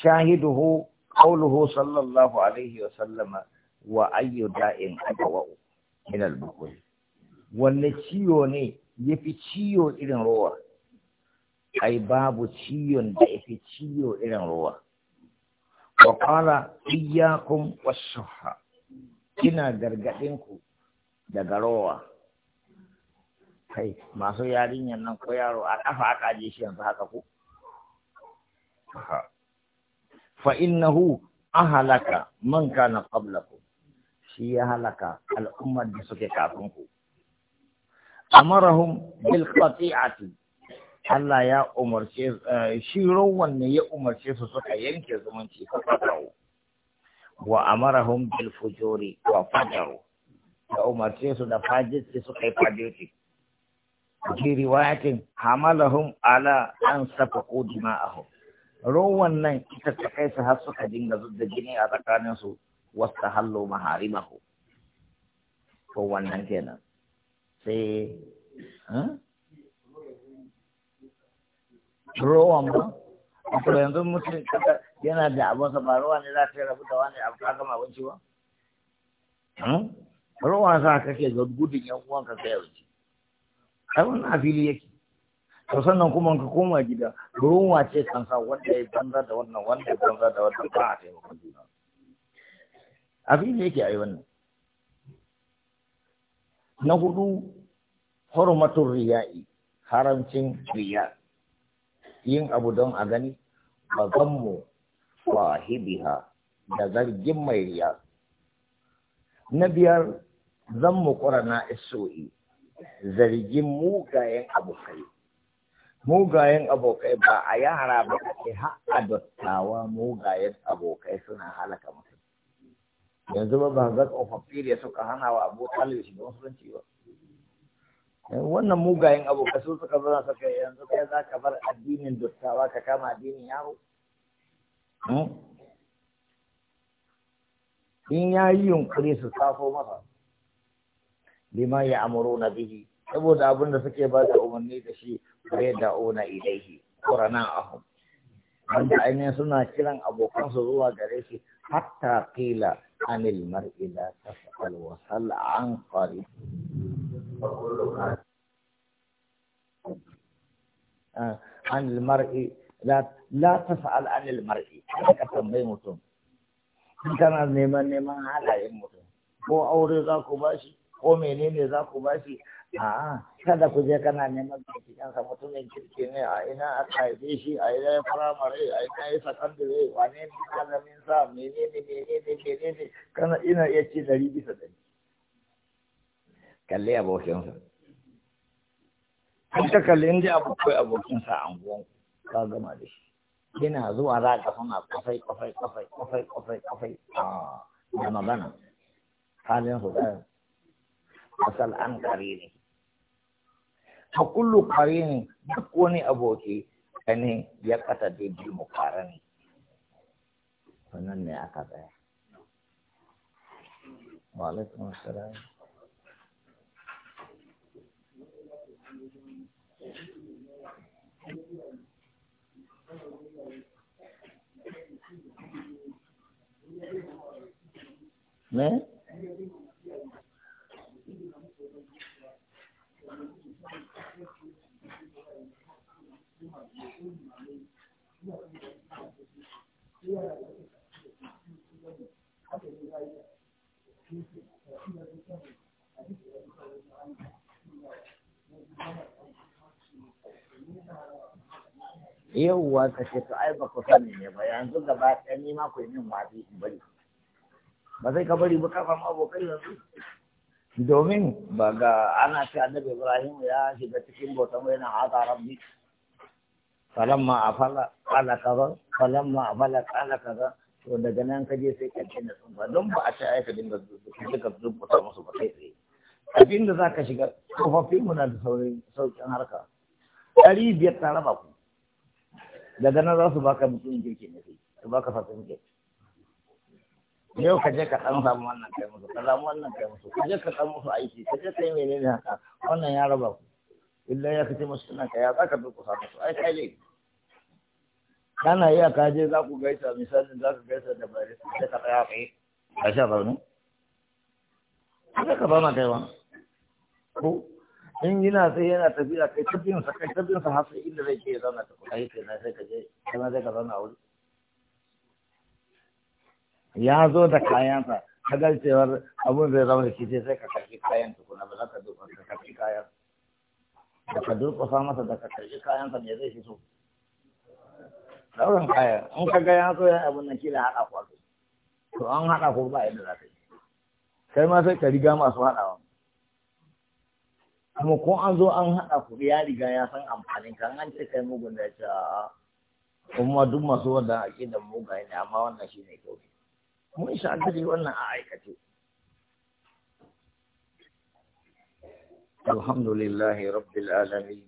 shahiduhu qawluhu sallallahu alaihi wa sallama wa ayyu da'in adwa'u min al wanne ciwo ne yafi ciwo irin ruwa ai babu ciyon da yafi ciwo irin ruwa wa qala iyyakum was-suhha kina gargadin ku daga rowa kai masu yarinyar nan ko yaro a ƙafa aka aje shi yanzu haka ko fa innahu ahalaka man kana qablaku shi ya halaka al'ummar da suke kafin ku amarahum bil qati'ati Allah ya umarce eh, shi rowan ne ya umarce su suka yanke zumunci fa wa amarahum bil fujuri wa fajaru da umarce su da fajirci suka yi fajirci Ji riwayatin hamalahum ala an a hau. Rowan nan ita ta kai su har suka dinga da jini a tsakanin su wasta hallo maharimahu ko wannan kenan sai ruwan ba Kuma yanzu mutum yana da abinsa ba ne za ta rabu da wani abu ka gama abinci ba hmm? rawa sa kake ga gudun yan uwanka ka yauci ai wannan afili yake to sannan kuma ka koma gida ruwa ce kan sa wanda ya banza da wannan wanda ya banza da wannan ba a taimakon juna afili yake ai wannan na hudu hurmatul riya'i haramcin riya yin abu don a gani ba mu sahibiha da zargin mai riya na biyar zan mu na SOE zargin mugayen abokai mugayen abokai ba a yara ba a ce har a dattawa mugayen abokai suna halaka mutum yanzu ba ba ga tsofaffi ya suka hana wa abu shi don musulunci ba eh, wannan mugayen abokai su suka zana suka yanzu kai za ka bar addinin dattawa ka kama addinin yaro hmm? in ya yi yunkuri su safo masa lima ya amuru na bihi saboda abin da suke ba da umarni da shi bai da'una ilaihi ƙuranan ahun wanda ainihin suna kiran abokansu zuwa gare shi hatta qila anil mar'i la tas'al wa sal an qari ah, anil mar'i la tas'al anil mar'i ka tambayi mutum kana neman neman halayen mutum ko aure za ku bashi ko menene za ku ba shi a kada ku je kana neman binciken sa mutumin kirki ne a ina a haife shi a ina ya firamare a ina ya sakandare wane ne min sa menene menene menene kana ina iya ce dari bisa dari kalle abokinsa an ka kalle inda abokai abokinsa a anguwan ka gama da shi yana zuwa za ka suna kwafai kwafai kwafai kwafai kwafai a ah, magana halin su ɗaya asal an ne. fa kullu ne duk wani aboki ne ya kasa da kare ne. wannan ne aka tsaya wa alaikum assalam né? yauwa ka ce ta ai ba sani ne ba yanzu gaba ɗaya ni ma ku yi wafi in bari ba zai ka bari ba ka samu abokai yanzu domin ba ga ana ce annabi ibrahim ya shiga cikin bautan yana haka rabbi falamma fala qala kaza falamma fala qala kaza to daga nan ka je sai ka daina tsumba don ba a ce ai ka dinga duka rubuta musu ba kai tsaye abin da zaka shiga kofofin mu na da saurin saukin harka ɗari biyar ta raba ku daga nan za su baka mutum girki ne kai su baka fasin girki yau ka je ka ɗan samu wannan kai musu ka samu wannan kai musu ka je ka ɗan musu aiki ka je ka yi menene haka wannan ya raba ku illa ya kace musu nan ka ya za ka durƙusa musu ai kai ne kana iya je za ku gaisa misalin za ku gaisa da su sai ka tsaya tsaye a sha zaune A ka ba ma kaiwa ko in yana sai yana tafiya kai tafiyan sa kai tafiyan sa har sai inda zai ke zauna ta kuma yake na sai ka je kana zai ka zauna wuri ya zo da kayansa kagar cewar abun zai zama da kice sai ka karbi kayan tukuna ba za ka duka ka karbi kayan da ka durƙusa masa da ka karbi kayansa me zai fito daurin kaya in ka ga ya so ya abin nan kila haɗa ku to an haɗa ku ba yadda za ka yi kai ma sai ka riga masu haɗawa kuma ko an zo an haɗa ku ya riga ya san amfanin kan, an ce kai mugun da ya ce a'a kuma duk masu wanda aƙidan mugaye ne amma wannan shi ne kyau mun sha gari wannan a aikace alhamdulillahi rabbil alamin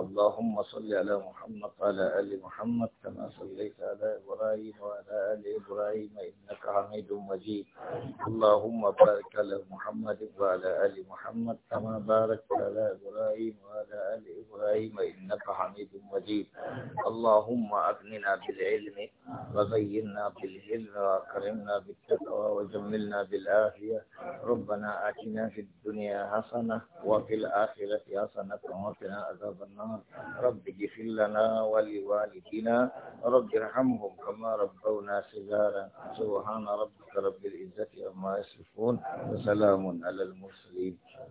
اللهم صل على محمد وعلى آل محمد كما صليت على إبراهيم وعلى آل إبراهيم إنك حميد مجيد اللهم بارك على محمد وعلى آل محمد كما باركت على إبراهيم وعلى آل إبراهيم إنك حميد مجيد اللهم أغننا بالعلم وزينا بالعلم وأكرمنا بالتقوى وجملنا بالعافية ربنا آتنا في الدنيا حسنة وفي الآخرة حسنة وقنا عذاب عذاب رب اغفر لنا ولوالدينا رب ارحمهم كما ربونا صغارا سبحان ربك رب العزة عما يصفون وسلام على المرسلين